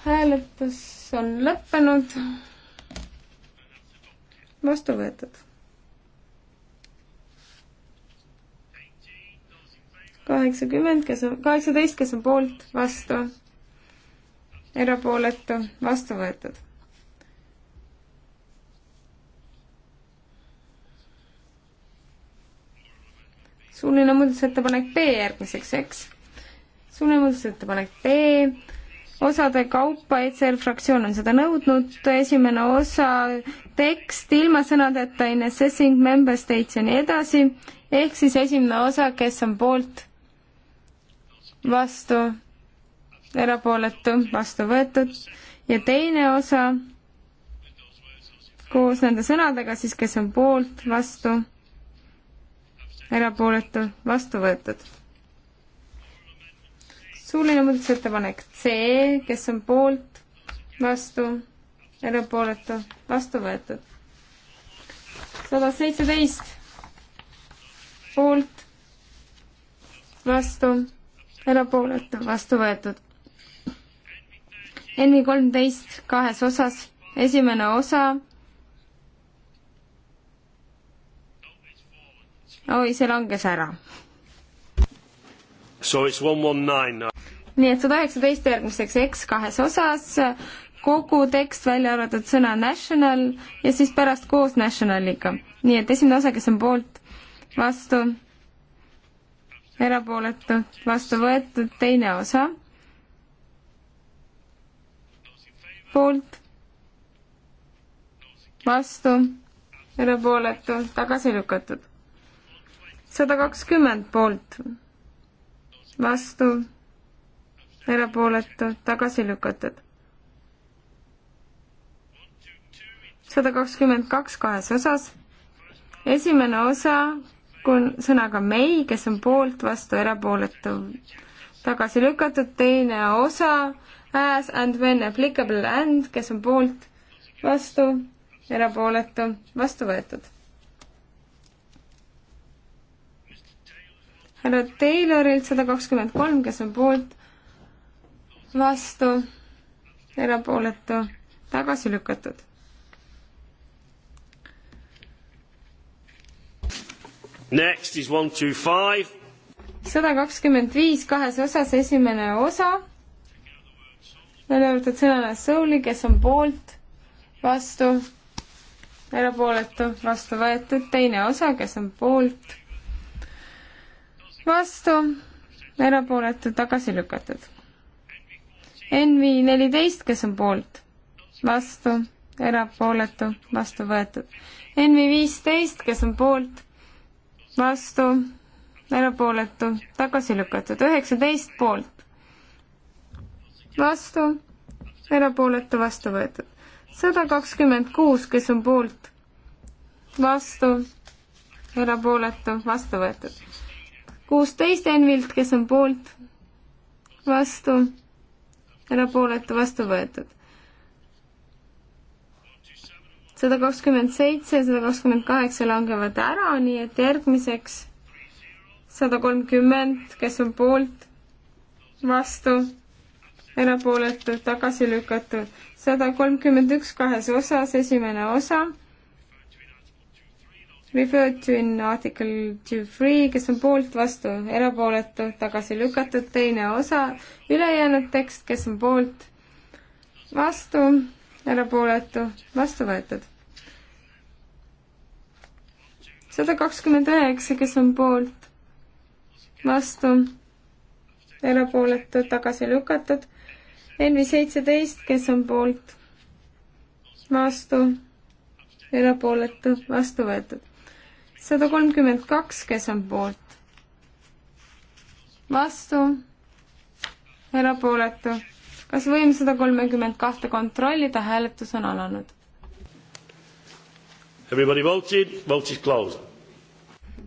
hääletus on lõppenud vastu võetud. kaheksakümmend, kes on, kaheksateist, kes on poolt, vastu, erapooletu, vastu võetud. suuline muudatusettepanek B järgmiseks, eks? suuline muudatusettepanek B osade kaupa, ECR fraktsioon on seda nõudnud, esimene osa tekst ilma sõnadeta in assessing member states ja nii edasi, ehk siis esimene osa, kes on poolt, vastu, erapooletu, vastu võetud, ja teine osa koos nende sõnadega siis, kes on poolt, vastu, erapooletu, vastu võetud suuline muudatusettepanek C, kes on poolt, vastu, erapooletu, vastu võetud. sada seitseteist poolt, vastu, erapooletu, vastu võetud. Envi kolmteist kahes osas, esimene osa. oi, see langes ära. So it's one one nine now nii et sada üheksateist järgmiseks X kahes osas, kogu tekst, välja arvatud sõna national ja siis pärast koos national'iga. nii et esimene osa, kes on poolt, vastu, erapooletu, vastu võetud, teine osa, poolt, vastu, erapooletu, tagasi lükatud. sada kakskümmend poolt, vastu erapooletu, tagasi lükatud. sada kakskümmend kaks kahes osas. esimene osa kun-, sõnaga mei, kes on poolt, vastu, erapooletu, tagasi lükatud, teine osa as and when applicable and, kes on poolt, vastu, erapooletu, vastu võetud. härra Taylorilt sada kakskümmend kolm, kes on poolt vastu, erapooletu, tagasi lükatud. Next is one two five. sada kakskümmend viis kahes osas, esimene osa, välja arvatud sõnale souli, kes on poolt, vastu, erapooletu, vastu võetud, teine osa, kes on poolt, vastu, erapooletu, tagasi lükatud NV neliteist, kes on poolt, vastu, erapooletu, vastu võetud. NV viisteist, kes on poolt, vastu, erapooletu, tagasi lükatud. üheksateist poolt, vastu, erapooletu, vastu võetud. sada kakskümmend kuus, kes on poolt, vastu, erapooletu, vastu võetud. kuusteist Envilt, kes on poolt, vastu erapooletu vastu võetud. sada kakskümmend seitse, sada kakskümmend kaheksa langevad ära, nii et järgmiseks sada kolmkümmend, kes on poolt, vastu, erapooletu, tagasi lükatud. sada kolmkümmend üks kahes osas, esimene osa Referred to in article to three, kes on poolt, vastu, erapooletu, tagasi lükatud, teine osa, ülejäänud tekst, kes on poolt, vastu, erapooletu, vastu võetud. sada kakskümmend üheksa, kes on poolt, vastu, erapooletu, tagasi lükatud. NV seitseteist, kes on poolt, vastu, erapooletu, vastu võetud sada kolmkümmend kaks, kes on poolt, vastu, erapooletu. kas võime sada kolmekümmend kahte kontrollida, hääletus on alanud. Everybody voted, vote is closed.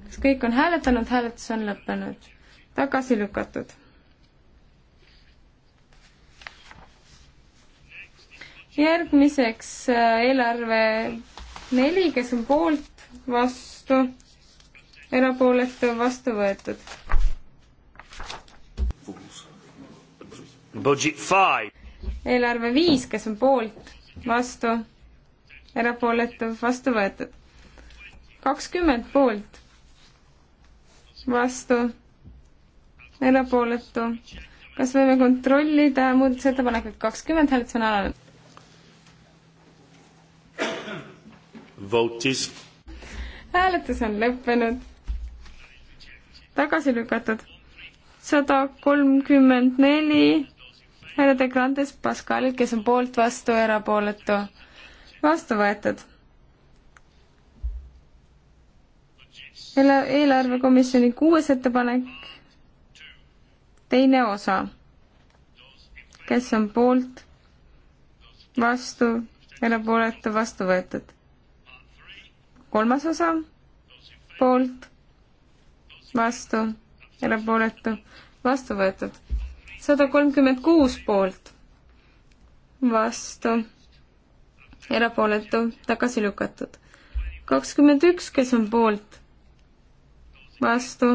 kas kõik on hääletanud, hääletus on lõppenud, tagasi lükatud. järgmiseks äh, eelarve neli, kes on poolt, vastu vastu, erapooletu, vastu võetud. eelarve viis, kes on poolt, vastu, erapooletu, vastu võetud. kakskümmend poolt, vastu, erapooletu. kas võime kontrollida muudatusettepanekut kakskümmend, hääletus on alanud? Vote is hääletus on lõppenud. tagasi lükatud. sada kolmkümmend neli härra De Grandes Pascal, kes on poolt, vastu, erapooletu. vastu võetud. eelarvekomisjoni kuues ettepanek, teine osa. kes on poolt, vastu, erapooletu, vastu võetud kolmas osa poolt, vastu, erapooletu, vastu võetud. sada kolmkümmend kuus poolt, vastu, erapooletu, tagasi lükatud. kakskümmend üks, kes on poolt, vastu,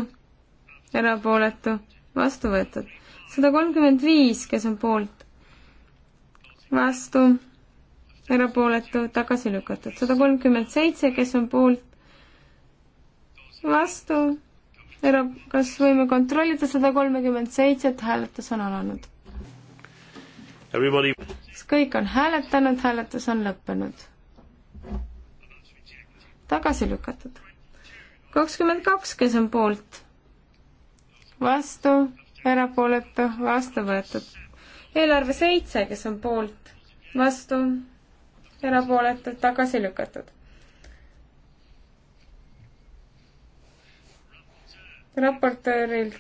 erapooletu, vastu võetud. sada kolmkümmend viis, kes on poolt, vastu erapooletu, tagasi lükatud. sada kolmkümmend seitse, kes on poolt, vastu, era-, kas võime kontrollida sada kolmekümmend seitse, et hääletus on alanud? kas kõik on hääletanud, hääletus on lõppenud? tagasi lükatud. kakskümmend kaks, kes on poolt, vastu, erapooletu, vastu võetud. eelarve seitse, kes on poolt, vastu, erapooletud, tagasi lükatud. raportöörilt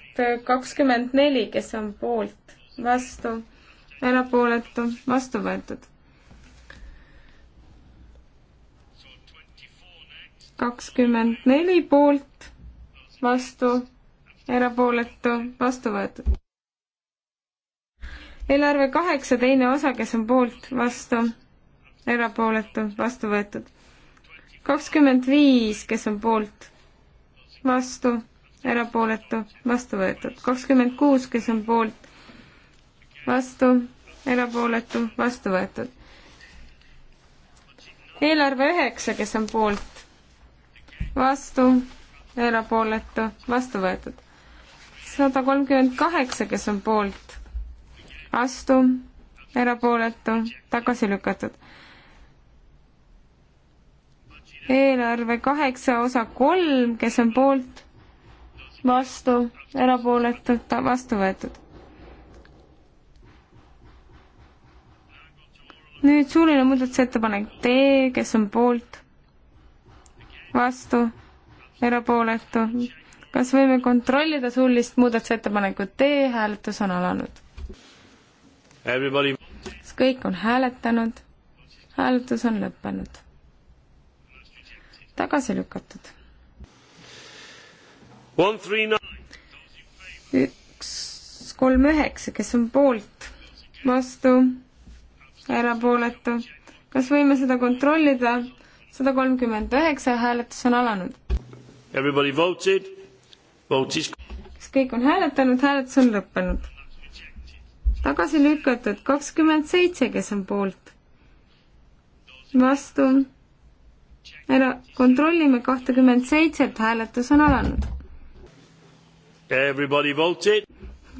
kakskümmend neli, kes on poolt, vastu, erapooletu, vastu võetud. kakskümmend neli poolt, vastu, erapooletu, vastu võetud. eelarve kaheksa teine osa, kes on poolt, vastu, erapooletu, vastu võetud. kakskümmend viis, kes on poolt, vastu, erapooletu, vastu võetud. kakskümmend kuus, kes on poolt, vastu, erapooletu, vastu võetud. eelarve üheksa, kes on poolt, vastu, erapooletu, vastu võetud. sada kolmkümmend kaheksa, kes on poolt, vastu, erapooletu, tagasi lükatud eelarve kaheksa osa kolm, kes on poolt, vastu, erapooletult vastu võetud. nüüd suuline muudatusettepanek D, kes on poolt, vastu, erapooletu. kas võime kontrollida suulist muudatusettepanekut D, hääletus on alanud. kas kõik on hääletanud? hääletus on lõppenud tagasi lükatud. üks, kolm, üheksa, kes on poolt, vastu, erapooletu. kas võime seda kontrollida? sada kolmkümmend üheksa, hääletus on alanud. Everybody voted, vote is kas kõik on hääletanud, hääletus on lõppenud. tagasi lükatud kakskümmend seitse, kes on poolt, vastu ära, kontrollime kahtekümmend seitset, hääletus on alanud.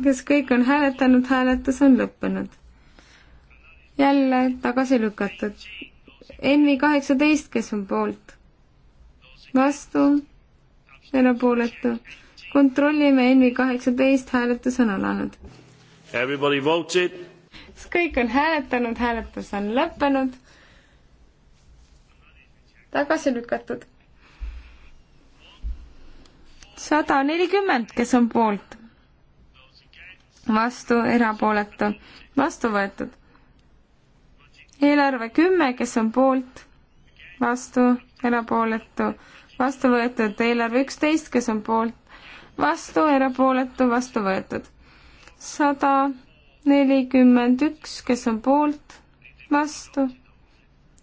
kas kõik on hääletanud, hääletus on lõppenud. jälle tagasi lükatud. Envi kaheksateist, kes on poolt? vastu, erapooletu. kontrollime Envi kaheksateist, hääletus on alanud. kas kõik on hääletanud, hääletus on lõppenud? tagasi lükatud. sada nelikümmend, kes on poolt, vastu, erapooletu, vastu võetud. eelarve kümme, kes on poolt, vastu, erapooletu, vastu võetud, eelarve üksteist, kes on poolt, vastu, erapooletu, vastu võetud. sada nelikümmend üks, kes on poolt, vastu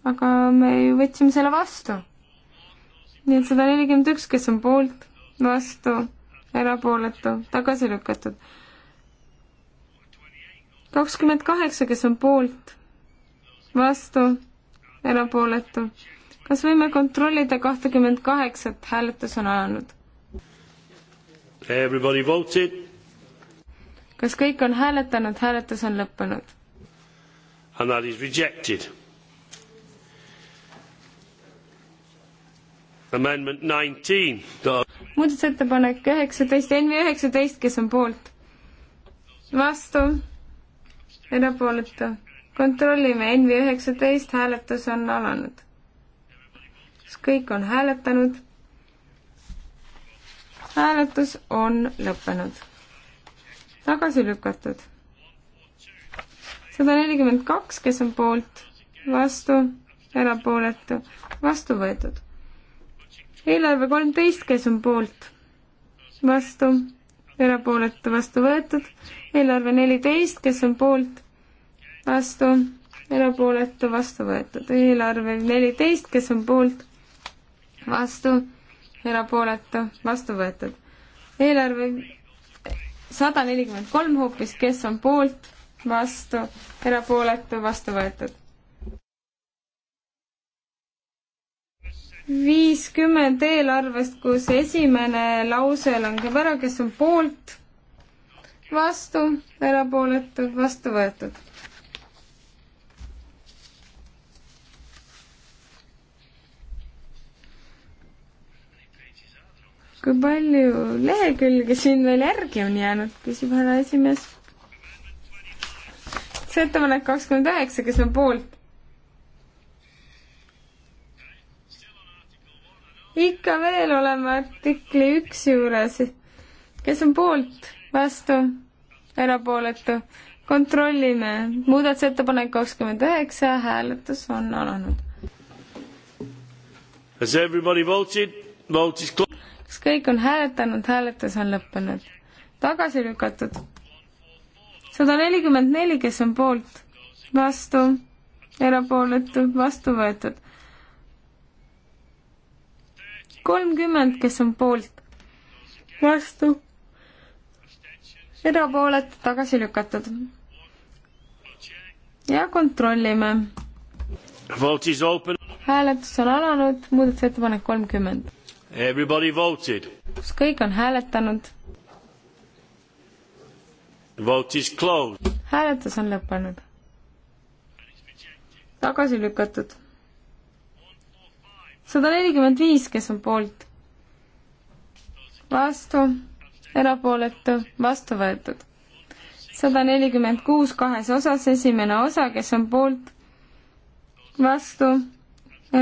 aga me ju võtsime selle vastu. nii et sada nelikümmend üks, kes on poolt, vastu, erapooletu, tagasi lükatud. kakskümmend kaheksa, kes on poolt, vastu, erapooletu. kas võime kontrollida kahtekümmend kaheksat, hääletus on alanud? Everybody voted. kas kõik on hääletanud, hääletus on lõppenud? And that is rejected muudatusettepanek üheksateist, NV üheksateist, kes on poolt? vastu? erapooletu? kontrollime, NV üheksateist hääletus on alanud. kas kõik on hääletanud? hääletus on lõppenud. tagasi lükatud. sada nelikümmend kaks, kes on poolt, vastu, erapooletu, vastu võetud eelarve kolmteist, kes on poolt? vastu, erapooletu vastu võetud. eelarve neliteist, kes on poolt? vastu, erapooletu vastu võetud. eelarve neliteist, kes on poolt? vastu, erapooletu vastu võetud. eelarve sada nelikümmend kolm hoopis, kes on poolt? vastu, erapooletu vastu võetud viiskümmend eelarvest, kus esimene lause langeb ära, kes on poolt, vastu, erapooletu, vastu võetud. kui palju lehekülge siin veel järgi on jäänud, küsib härra esimees. see ettepanek kakskümmend üheksa, kes on poolt ikka veel oleme artikli üks juures. kes on poolt, vastu, erapooletu? kontrollime, muudatusettepanek kakskümmend üheksa, hääletus on alanud. Has everybody voted? Vote is closed. kas kõik on hääletanud, hääletus on lõppenud. tagasi lükatud. sada nelikümmend neli, kes on poolt, vastu, erapooletu, vastu võetud kolmkümmend, kes on poolt, vastu, erapooletud, tagasi lükatud. ja kontrollime. hääletus on alanud, muudatusettepanek kolmkümmend. kas kõik on hääletanud? hääletus on lõppenud. tagasi lükatud sada nelikümmend viis, kes on poolt, vastu, erapooletu, vastu võetud. sada nelikümmend kuus kahes osas, esimene osa, kes on poolt, vastu,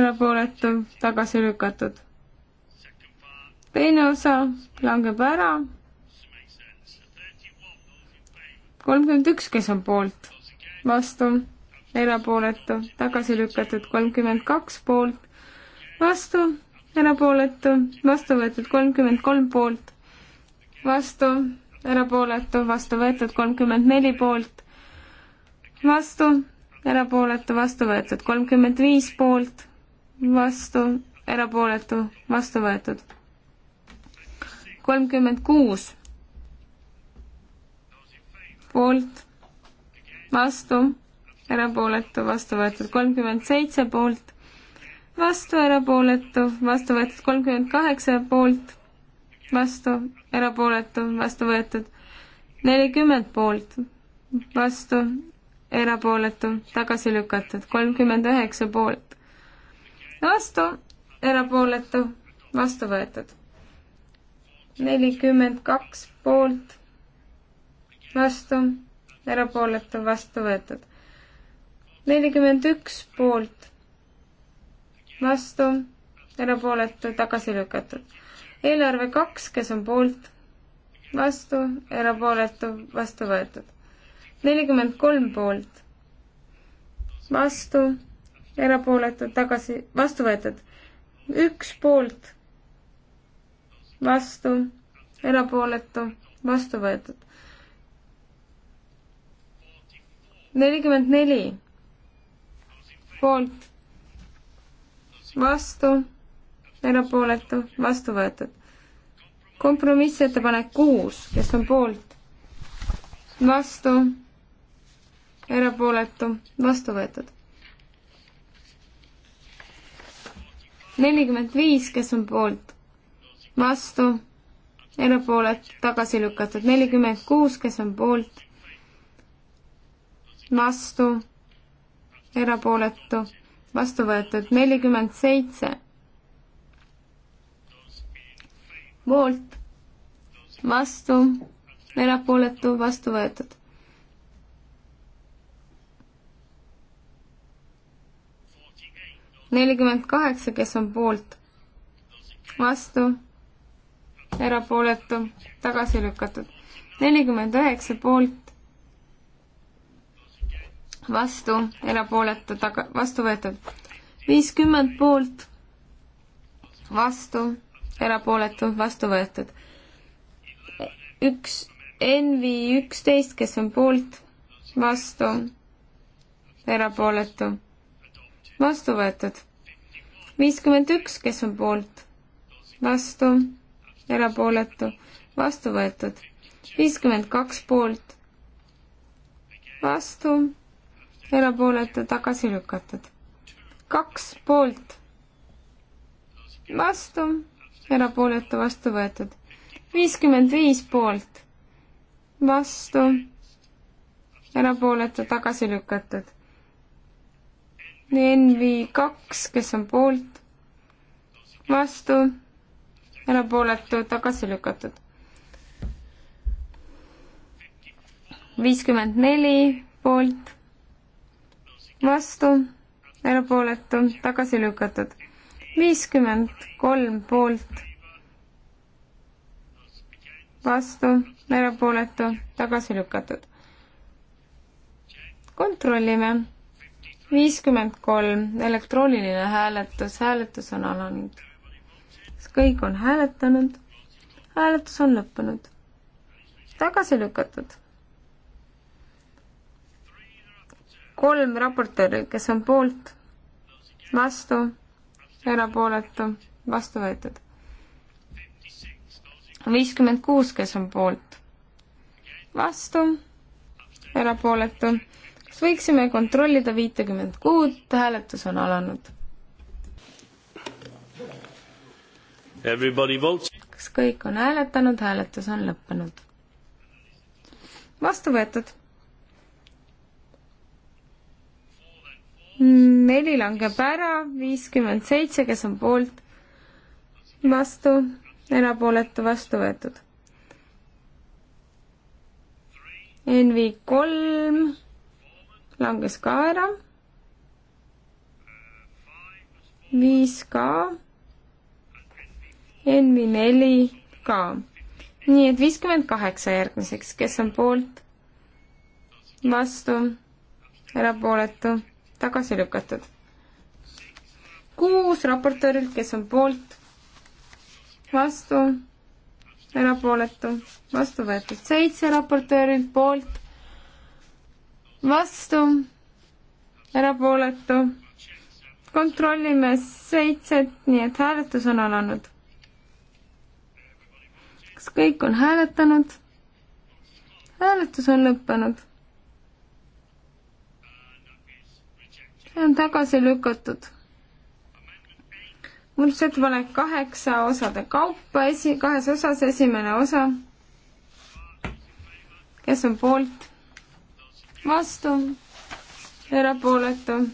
erapooletu, tagasi lükatud. teine osa langeb ära. kolmkümmend üks, kes on poolt, vastu erapooletu, tagasi lükatud kolmkümmend kaks poolt, vastu, erapooletu, vastu võetud kolmkümmend kolm poolt, vastu, erapooletu, vastu võetud kolmkümmend neli poolt, vastu, erapooletu, vastu võetud kolmkümmend viis poolt, vastu, erapooletu, vastu võetud kolmkümmend kuus poolt, vastu, erapooletu, vastu võetud kolmkümmend seitse poolt vastu, erapooletu, vastu võetud kolmkümmend kaheksa poolt, vastu, erapooletu, vastu võetud nelikümmend poolt, vastu, erapooletu, tagasi lükatud kolmkümmend üheksa poolt, vastu, erapooletu, vastu võetud nelikümmend kaks poolt, vastu, erapooletu, vastu võetud nelikümmend üks poolt vastu, erapooletu, tagasi lükatud. eelarve kaks, kes on poolt, vastu, erapooletu, vastu võetud. nelikümmend kolm poolt, vastu, erapooletu, tagasi, vastu võetud. üks poolt, vastu, erapooletu, vastu võetud. nelikümmend neli poolt vastu, erapooletu, vastu võetud. kompromissettepanek kuus, kes on poolt, vastu, erapooletu, vastu võetud. nelikümmend viis, kes on poolt, vastu, erapooletu, tagasi lükatud, nelikümmend kuus, kes on poolt, vastu, erapooletu vastu võetud nelikümmend seitse poolt, vastu, erapooletu, vastu võetud. nelikümmend kaheksa, kes on poolt, vastu, erapooletu, tagasi lükatud. nelikümmend üheksa poolt, vastu, erapooletu taga, vastu võetud. viiskümmend poolt, vastu, erapooletu, vastu võetud. üks, Envi üksteist, kes on poolt, vastu, erapooletu, vastu võetud. viiskümmend üks, kes on poolt, vastu, erapooletu, vastu võetud. viiskümmend kaks poolt, vastu erapooletu tagasi lükatud. kaks poolt, vastu, erapooletu vastu võetud. viiskümmend viis poolt, vastu, erapooletu tagasi lükatud. NV kaks, kes on poolt, vastu, erapooletu tagasi lükatud. viiskümmend neli poolt vastu, erapooletu, tagasi lükatud. viiskümmend kolm poolt, vastu, erapooletu, tagasi lükatud. kontrollime. viiskümmend kolm, elektrooniline hääletus, hääletus on alanud. kas kõik on hääletanud? hääletus on lõppenud. tagasi lükatud kolm raportööri, kes on poolt, vastu, erapooletu, vastu võetud. viiskümmend kuus, kes on poolt, vastu, erapooletu. kas võiksime kontrollida viitekümmet kuud, hääletus on alanud. kas kõik on hääletanud, hääletus on lõppenud? vastu võetud neli langeb ära, viiskümmend seitse, kes on poolt, vastu, erapooletu, vastu võetud. NV kolm langes ka ära. viis ka. NV neli ka. nii et viiskümmend kaheksa järgmiseks, kes on poolt, vastu, erapooletu tagasi lükatud. kuus raportöörilt, kes on poolt, vastu, erapooletu, vastu võetud. seitse raportöörilt poolt, vastu, erapooletu. kontrollime seitset, nii et hääletus on alanud. kas kõik on hääletanud? hääletus on lõppenud see on tagasi lükatud. muudatusettepanek kaheksa osade kaupa, esi, kahes osas, esimene osa. kes on poolt? vastu? erapooletu?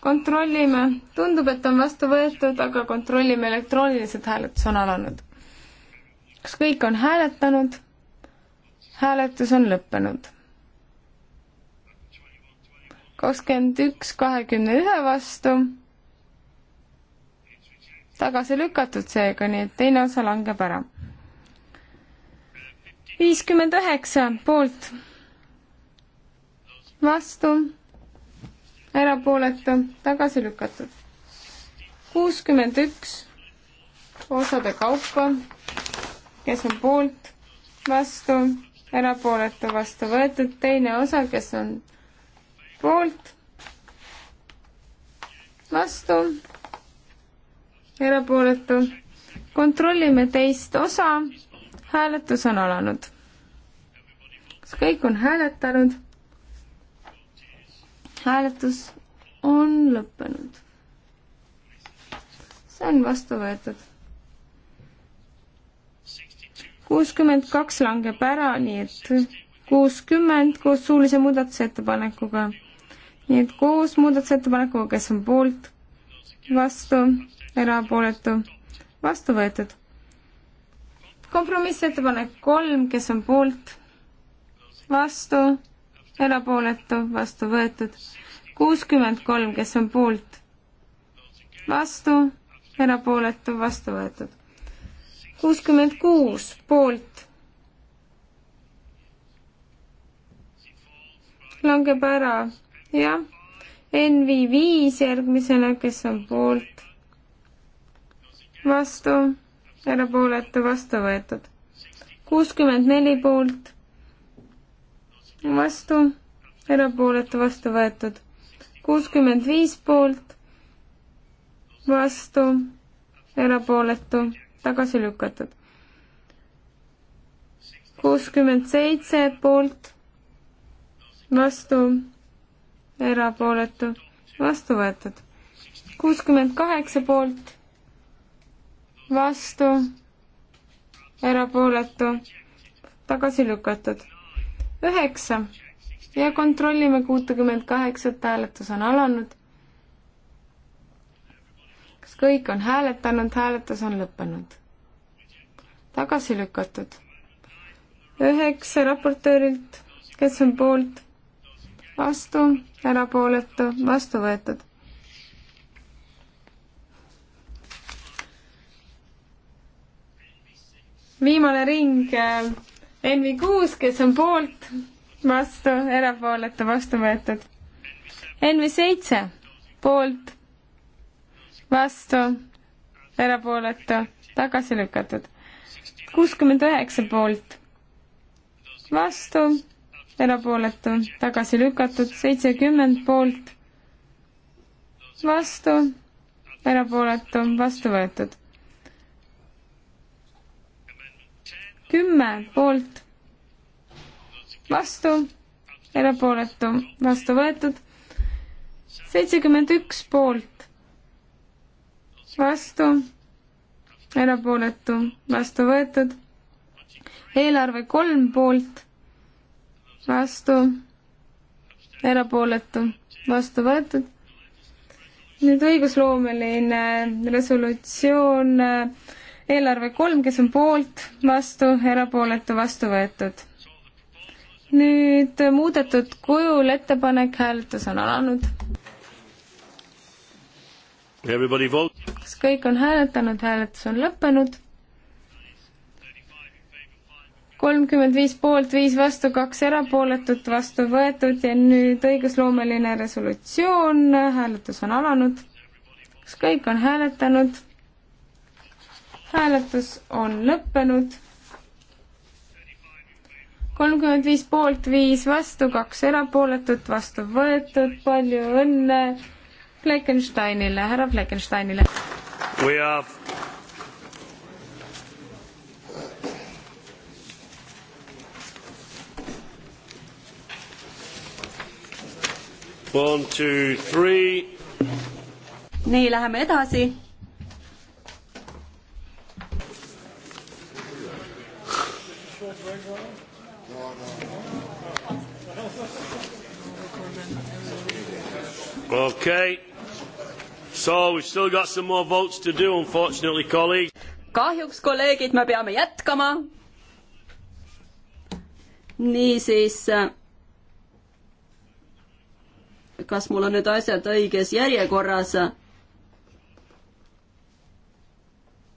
kontrollime, tundub, et on vastu võetud, aga kontrollime elektrooniliselt, hääletus on alanud. kas kõik on hääletanud? hääletus on lõppenud kakskümmend üks kahekümne ühe vastu. tagasi lükatud seega, nii et teine osa langeb ära. viiskümmend üheksa poolt, vastu, erapooletu, tagasi lükatud. kuuskümmend üks osade kaupa, kes on poolt, vastu, erapooletu, vastu võetud, teine osa, kes on poolt, vastu, erapooletu. kontrollime teist osa, hääletus on alanud. kas kõik on hääletanud? hääletus on lõppenud. see on vastu võetud kuuskümmend kaks langeb ära, nii et kuuskümmend koos suulise muudatusettepanekuga nii et koos muudatusettepanekuga, kes on poolt, vastu, erapooletu, vastu võetud. kompromissettepanek kolm, kes on poolt, vastu, erapooletu, vastu võetud. kuuskümmend kolm, kes on poolt, vastu, erapooletu, vastu võetud. kuuskümmend kuus, poolt langeb ära jah. NV5 järgmisena, kes on poolt, vastu, erapooletu, vastu võetud. kuuskümmend neli poolt, vastu, erapooletu, vastu võetud. kuuskümmend viis poolt, vastu, erapooletu, tagasi lükatud kuuskümmend seitse poolt, vastu, erapooletu, vastu võetud. kuuskümmend kaheksa poolt, vastu, erapooletu, tagasi lükatud. üheksa ja kontrollime kuutekümmend kaheksat, hääletus on alanud. kas kõik on hääletanud, hääletus on lõppenud? tagasi lükatud. üheksa raportöörilt, kes on poolt vastu, erapooletu, vastu võetud. viimane ring, Envi eh, Kuus, kes on poolt, vastu, erapooletu, vastu võetud. Envi seitse, poolt, vastu, erapooletu, tagasi lükatud. kuuskümmend üheksa poolt, vastu erapooletu, tagasi lükatud, seitsekümmend poolt, vastu, erapooletu, vastu võetud. kümme poolt, vastu, erapooletu, vastu võetud, seitsekümmend üks poolt, vastu, erapooletu, vastu võetud, eelarve kolm poolt vastu, erapooletu, vastu võetud. nüüd õigusloomeline resolutsioon, eh, eelarve kolm, kes on poolt, vastu, erapooletu, vastu võetud. nüüd muudetud kujul ettepanek, hääletus on alanud. kas kõik on hääletanud, hääletus on lõppenud kolmkümmend viis poolt, viis vastu, kaks erapooletut vastu võetud ja nüüd õigusloomeline resolutsioon, hääletus on alanud. kas kõik on hääletanud? hääletus on lõppenud. kolmkümmend viis poolt, viis vastu, kaks erapooletut vastu võetud, palju õnne Fleckensteinile, härra Fleckensteinile. We are One, two, three. nii, läheme edasi. Okay. So we've still got some more votes to do, unfortunately, colleagues. kahjuks, kolleegid, me peame jätkama. niisiis kas mul on nüüd asjad õiges järjekorras.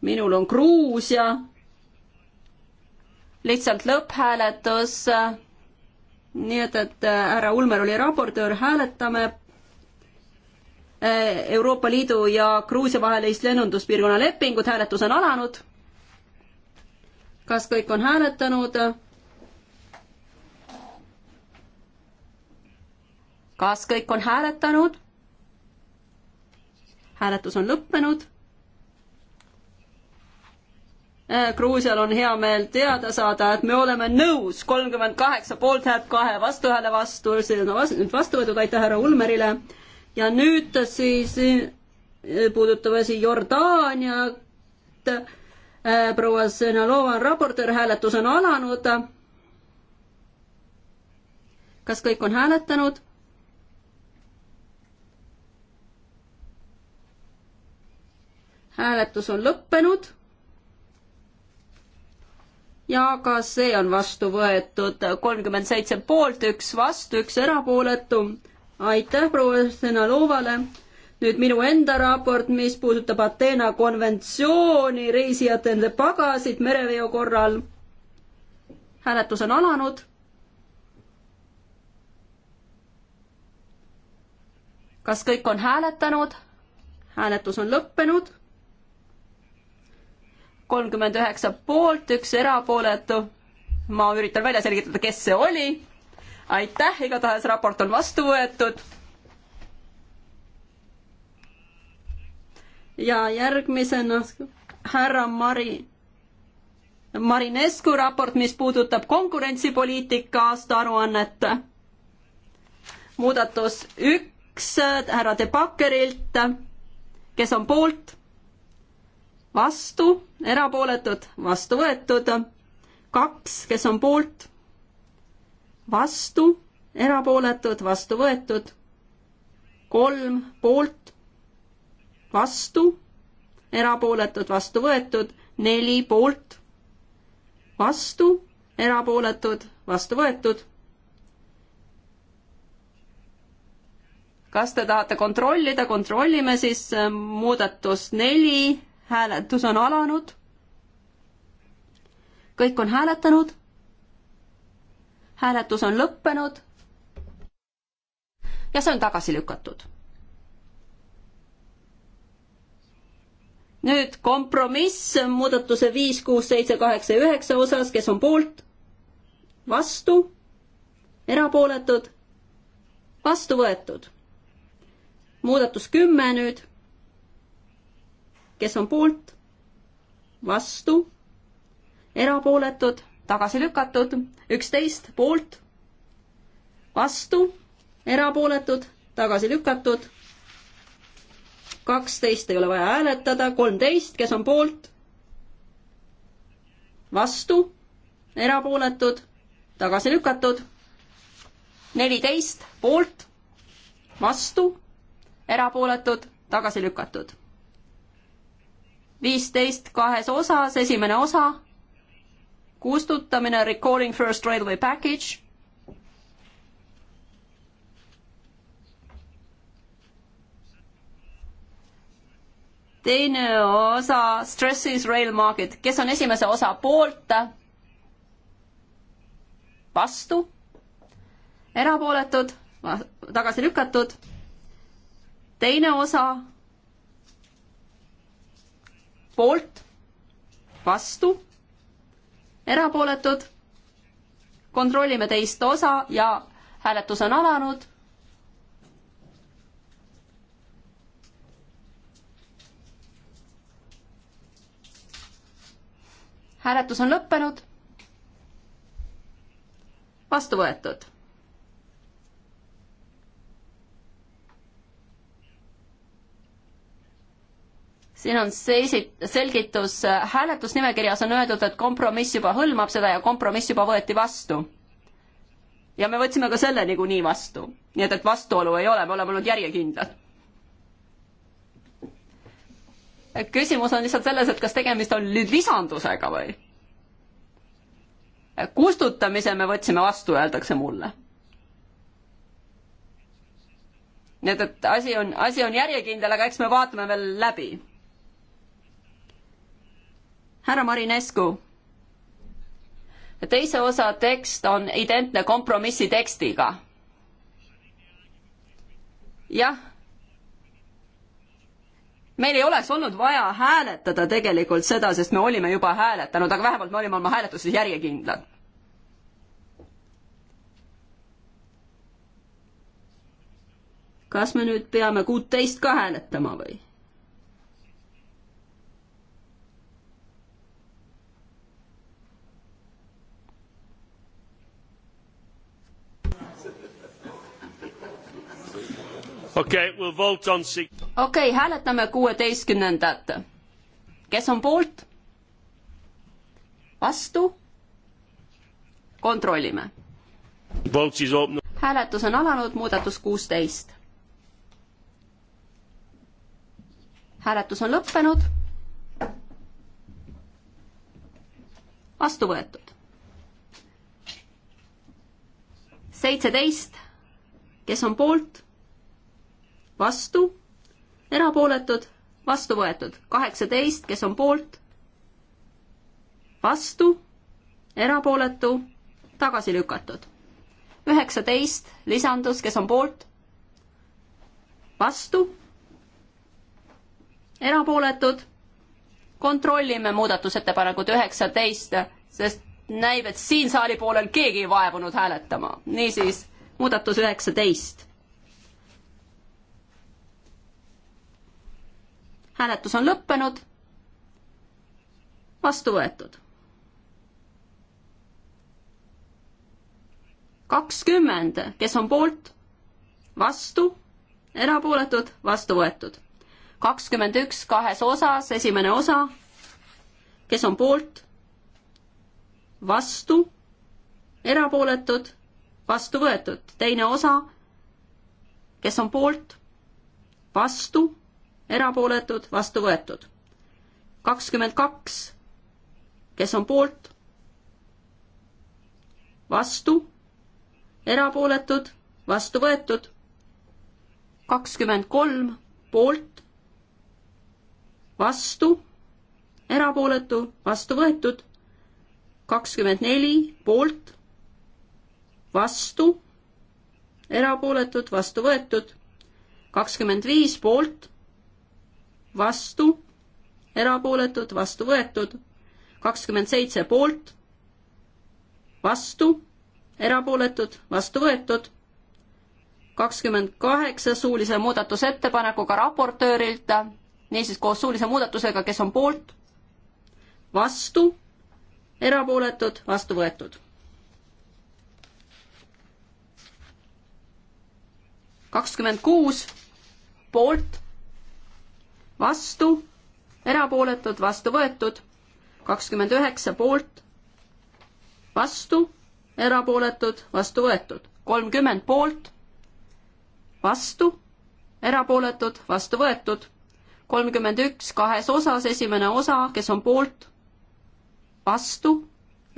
minul on Gruusia, lihtsalt lõpphääletus. nii et, et härra Ulmer oli raportöör, hääletame eh, Euroopa Liidu ja Gruusia vahelist lennunduspiirkonna lepingut, hääletus on alanud. kas kõik on hääletanud? kas kõik on hääletanud? hääletus on lõppenud. Äh, Gruusial on hea meel teada saada, et me oleme nõus, kolmkümmend kaheksa poolthäält kahe vastuhääle vastu, see on vastu, vastu võetud, aitäh härra Ulmerile. ja nüüd siis äh, puudutab asi Jordaaniat. Äh, proua Senalova on raportöör, hääletus on alanud. kas kõik on hääletanud? hääletus on lõppenud. ja ka see on vastu võetud, kolmkümmend seitse poolt, üks vastu, üks erapooletu. aitäh proua Senalovale. nüüd minu enda raport, mis puudutab Ateena konventsiooni reisijate enda pagasid mereveo korral. hääletus on alanud. kas kõik on hääletanud? hääletus on lõppenud kolmkümmend üheksa poolt, üks erapooletu. ma üritan välja selgitada, kes see oli. aitäh, igatahes raport on vastu võetud. ja järgmisena härra Mari, Marinescu raport, mis puudutab konkurentsipoliitika aastaaruannet. muudatus üks härra De Bakkerilt, kes on poolt vastu, erapooletud, vastu võetud, kaks, kes on poolt, vastu, erapooletud, vastu võetud, kolm poolt, vastu, erapooletud, vastu võetud, neli poolt, vastu, erapooletud, vastu võetud. kas te tahate kontrollida, kontrollime siis muudatust neli hääletus on alanud. kõik on hääletanud. hääletus on lõppenud. ja see on tagasi lükatud. nüüd kompromiss muudatuse viis, kuus, seitse, kaheksa ja üheksa osas, kes on poolt, vastu, erapooletud, vastu võetud. muudatus kümme nüüd kes on poolt, vastu, erapooletud, tagasi lükatud, üksteist poolt, vastu, erapooletud, tagasi lükatud, kaksteist ei ole vaja hääletada, kolmteist, kes on poolt, vastu, erapooletud, tagasi lükatud, neliteist poolt, vastu, erapooletud, tagasi lükatud viisteist kahes osas, esimene osa, kustutamine, recalling first railway package. teine osa, stresses rail market, kes on esimese osa poolt, vastu, erapooletud, tagasi lükatud, teine osa poolt, vastu, erapooletud, kontrollime teist osa ja hääletus on alanud. hääletus on lõppenud. vastu võetud siin on seisit-, selgitus, äh, hääletusnimekirjas on öeldud, et kompromiss juba hõlmab seda ja kompromiss juba võeti vastu. ja me võtsime ka selle niikuinii vastu, nii et, et vastuolu ei ole, me oleme olnud järjekindlad. küsimus on lihtsalt selles, et kas tegemist on nüüd lisandusega või? kustutamise me võtsime vastu, öeldakse mulle nii et, et asi on, asi on järjekindel, aga eks me vaatame veel läbi härra Marinescu. teise osa tekst on identne kompromissi tekstiga. jah. meil ei oleks olnud vaja hääletada tegelikult seda, sest me olime juba hääletanud, aga vähemalt me olime oma hääletuses järjekindlad kas me nüüd peame kuuteist ka hääletama või? okei okay,, we'll vote on six. okei okay,, hääletame kuueteistkümnendat. kes on poolt? vastu? kontrollime. hääletus on alanud, muudatus kuusteist. hääletus on lõppenud. vastu võetud. seitseteist, kes on poolt? vastu, erapooletud, vastu võetud. kaheksateist, kes on poolt, vastu, erapooletu, tagasi lükatud. üheksateist lisandus, kes on poolt, vastu, erapooletud, kontrollime muudatusettepanekut üheksateist, sest näib, et siin saali poolel keegi ei vaevunud hääletama. niisiis, muudatus üheksateist hääletus on lõppenud. vastu võetud. kakskümmend, kes on poolt, vastu, erapooletud, vastu võetud. kakskümmend üks kahes osas, esimene osa, kes on poolt, vastu, erapooletud, vastu võetud, teine osa, kes on poolt, vastu erapooletud, vastu võetud. kakskümmend kaks, kes on poolt, vastu, erapooletud, vastu võetud. kakskümmend kolm, poolt, vastu, erapooletu, vastu võetud. kakskümmend neli, poolt, vastu, erapooletud, vastu võetud. kakskümmend viis, poolt vastu, erapooletud, vastu võetud, kakskümmend seitse poolt, vastu, erapooletud, vastu võetud, kakskümmend kaheksa suulise muudatusettepanekuga raportöörilt, niisiis koos suulise muudatusega, kes on poolt, vastu, erapooletud, vastu võetud. kakskümmend kuus poolt vastu, erapooletud, vastu võetud, kakskümmend üheksa poolt, vastu, erapooletud, vastu võetud, kolmkümmend poolt, vastu, erapooletud, vastu võetud, kolmkümmend üks kahes osas, esimene osa, kes on poolt, vastu,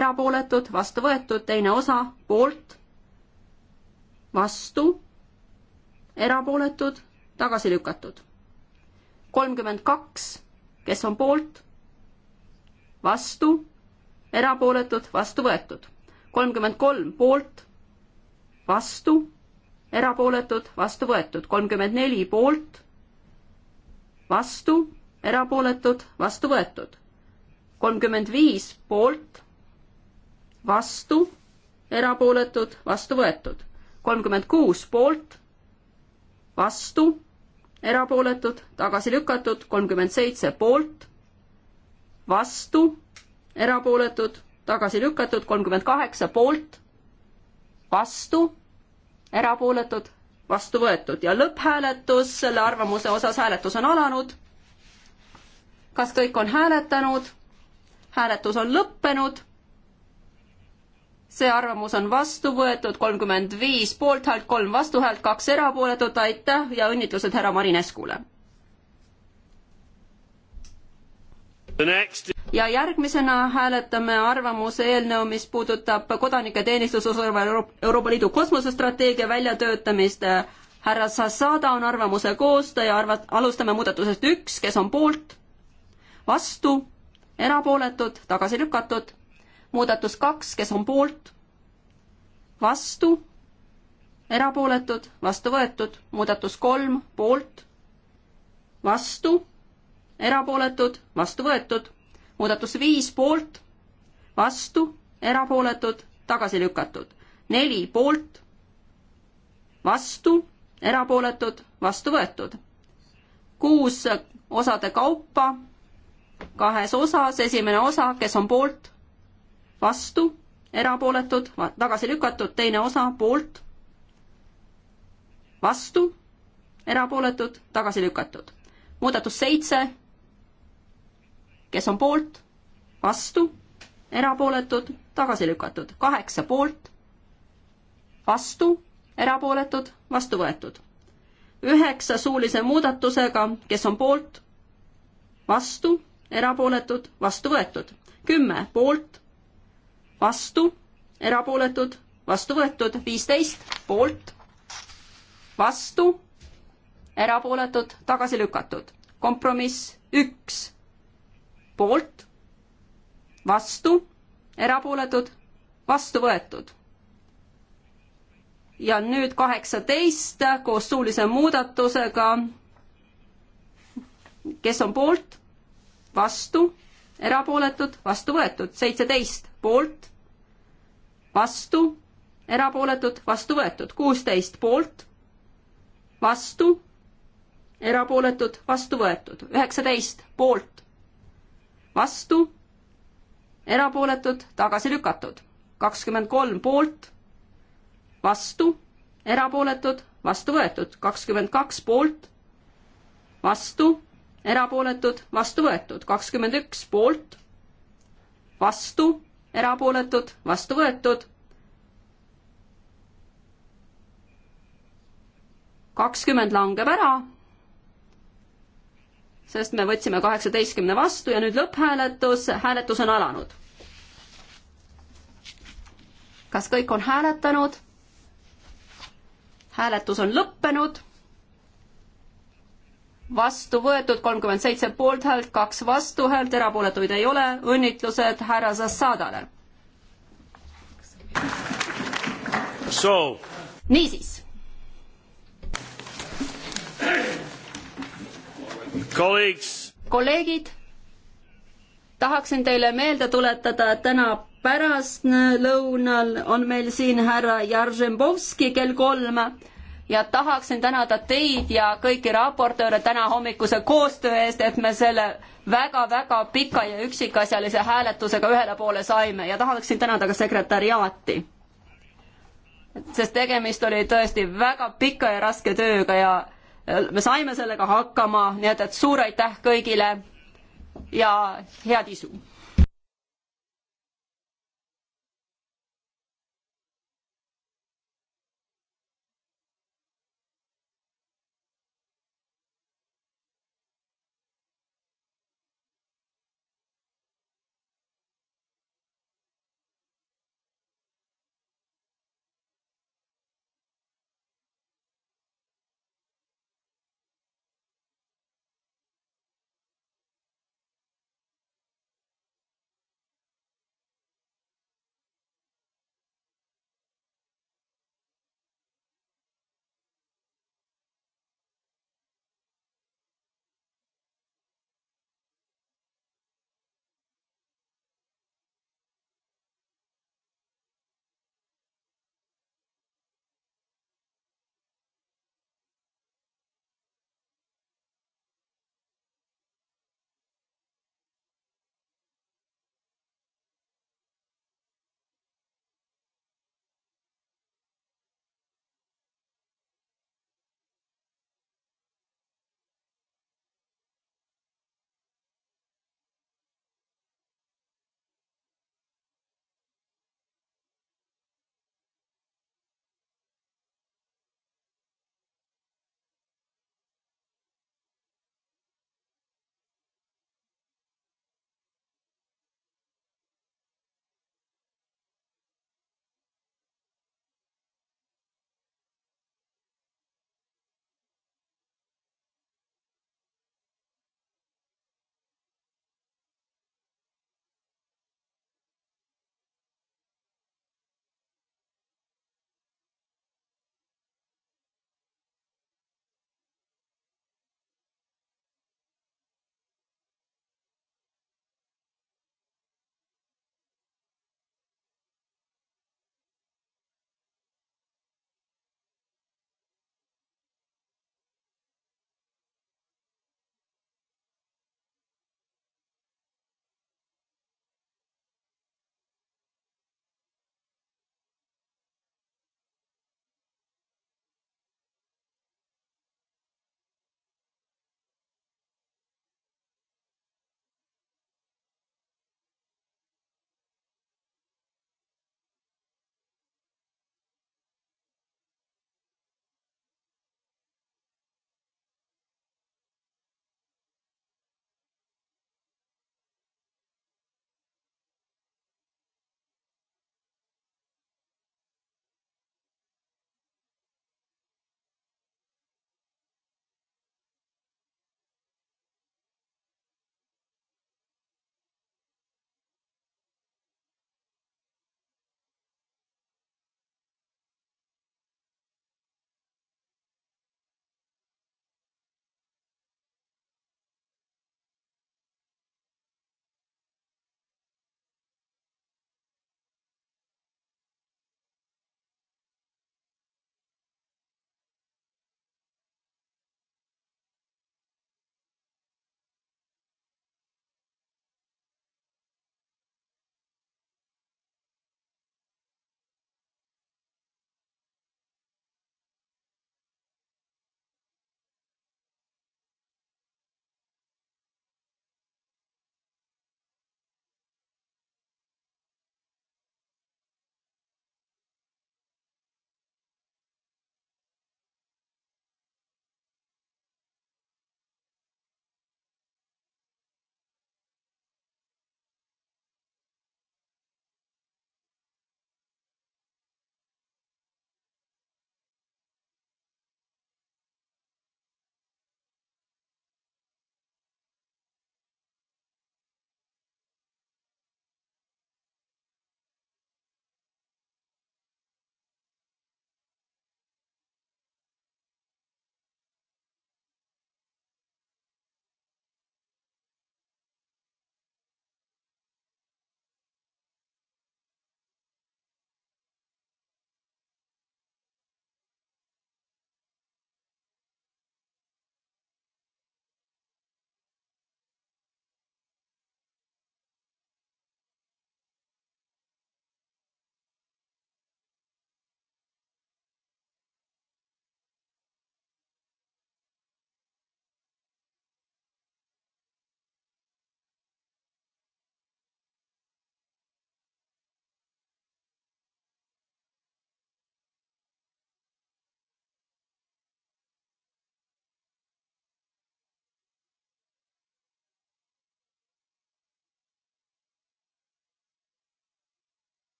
erapooletud, vastu võetud, teine osa, poolt, vastu, erapooletud, tagasi lükatud kolmkümmend kaks, kes on poolt, vastu, erapooletud, vastu võetud. kolmkümmend kolm poolt, vastu, erapooletud, vastu võetud. kolmkümmend neli poolt, vastu, erapooletud, vastu võetud. kolmkümmend viis poolt, vastu, erapooletud, vastu võetud. kolmkümmend kuus poolt, vastu erapooletud, tagasi lükatud, kolmkümmend seitse poolt, vastu, erapooletud, tagasi lükatud, kolmkümmend kaheksa poolt, vastu, erapooletud, vastu võetud ja lõpphääletus selle arvamuse osas, hääletus on alanud. kas kõik on hääletanud? hääletus on lõppenud see arvamus on vastu võetud, kolmkümmend viis poolthäält, kolm vastuhäält, kaks erapooletut, aitäh ja õnnitlused härra Marineskule. ja järgmisena hääletame arvamuse eelnõu, mis puudutab kodanike teenistuses osaleva Euroopa Liidu kosmosestrateegia väljatöötamist. härra Sassada on arvamuse koostaja, arvat-, alustame muudatusest üks, kes on poolt, vastu, erapooletud, tagasi lükatud muudatus kaks, kes on poolt, vastu, erapooletud, vastu võetud, muudatus kolm, poolt, vastu, erapooletud, vastu võetud, muudatus viis, poolt, vastu, erapooletud, tagasi lükatud, neli, poolt, vastu, erapooletud, vastu võetud, kuus osade kaupa kahes osas, esimene osa, kes on poolt, vastu, erapooletud, tagasi lükatud, teine osa poolt, vastu, erapooletud, tagasi lükatud. muudatus seitse, kes on poolt, vastu, erapooletud, tagasi lükatud, kaheksa poolt, vastu, erapooletud, vastu võetud. üheksa suulise muudatusega, kes on poolt, vastu, erapooletud, vastu võetud. kümme poolt, vastu, erapooletud, vastu võetud, viisteist poolt, vastu, erapooletud, tagasi lükatud. kompromiss üks, poolt, vastu, erapooletud, vastu võetud. ja nüüd kaheksateist koos suulise muudatusega. kes on poolt, vastu, erapooletud, vastu võetud, seitseteist poolt vastu, erapooletud, vastu võetud, kuusteist poolt, vastu, erapooletud, vastu võetud, üheksateist poolt, vastu, erapooletud, tagasi lükatud, kakskümmend kolm poolt, vastu, erapooletud, vastu võetud, kakskümmend kaks poolt, vastu, erapooletud, vastu võetud, kakskümmend üks poolt, vastu, erapooletud, vastu võetud. kakskümmend langeb ära, sest me võtsime kaheksateistkümne vastu ja nüüd lõpphääletus, hääletus on alanud. kas kõik on hääletanud? hääletus on lõppenud vastu võetud, kolmkümmend seitse poolthäält, kaks vastuhäält, erapooletuid ei ole, õnnitlused härra Zassadale. niisiis. kolleegid, tahaksin teile meelde tuletada, et täna pärastlõunal on meil siin härra Jaržembovski kell kolm ja tahaksin tänada teid ja kõiki raportööre täna hommikuse koostöö eest, et me selle väga-väga pika ja üksikasjalise hääletusega ühele poole saime ja tahaksin tänada ka sekretäriaati. sest tegemist oli tõesti väga pika ja raske tööga ja äh, me saime sellega hakkama, nii et, et suur aitäh kõigile ja head isu!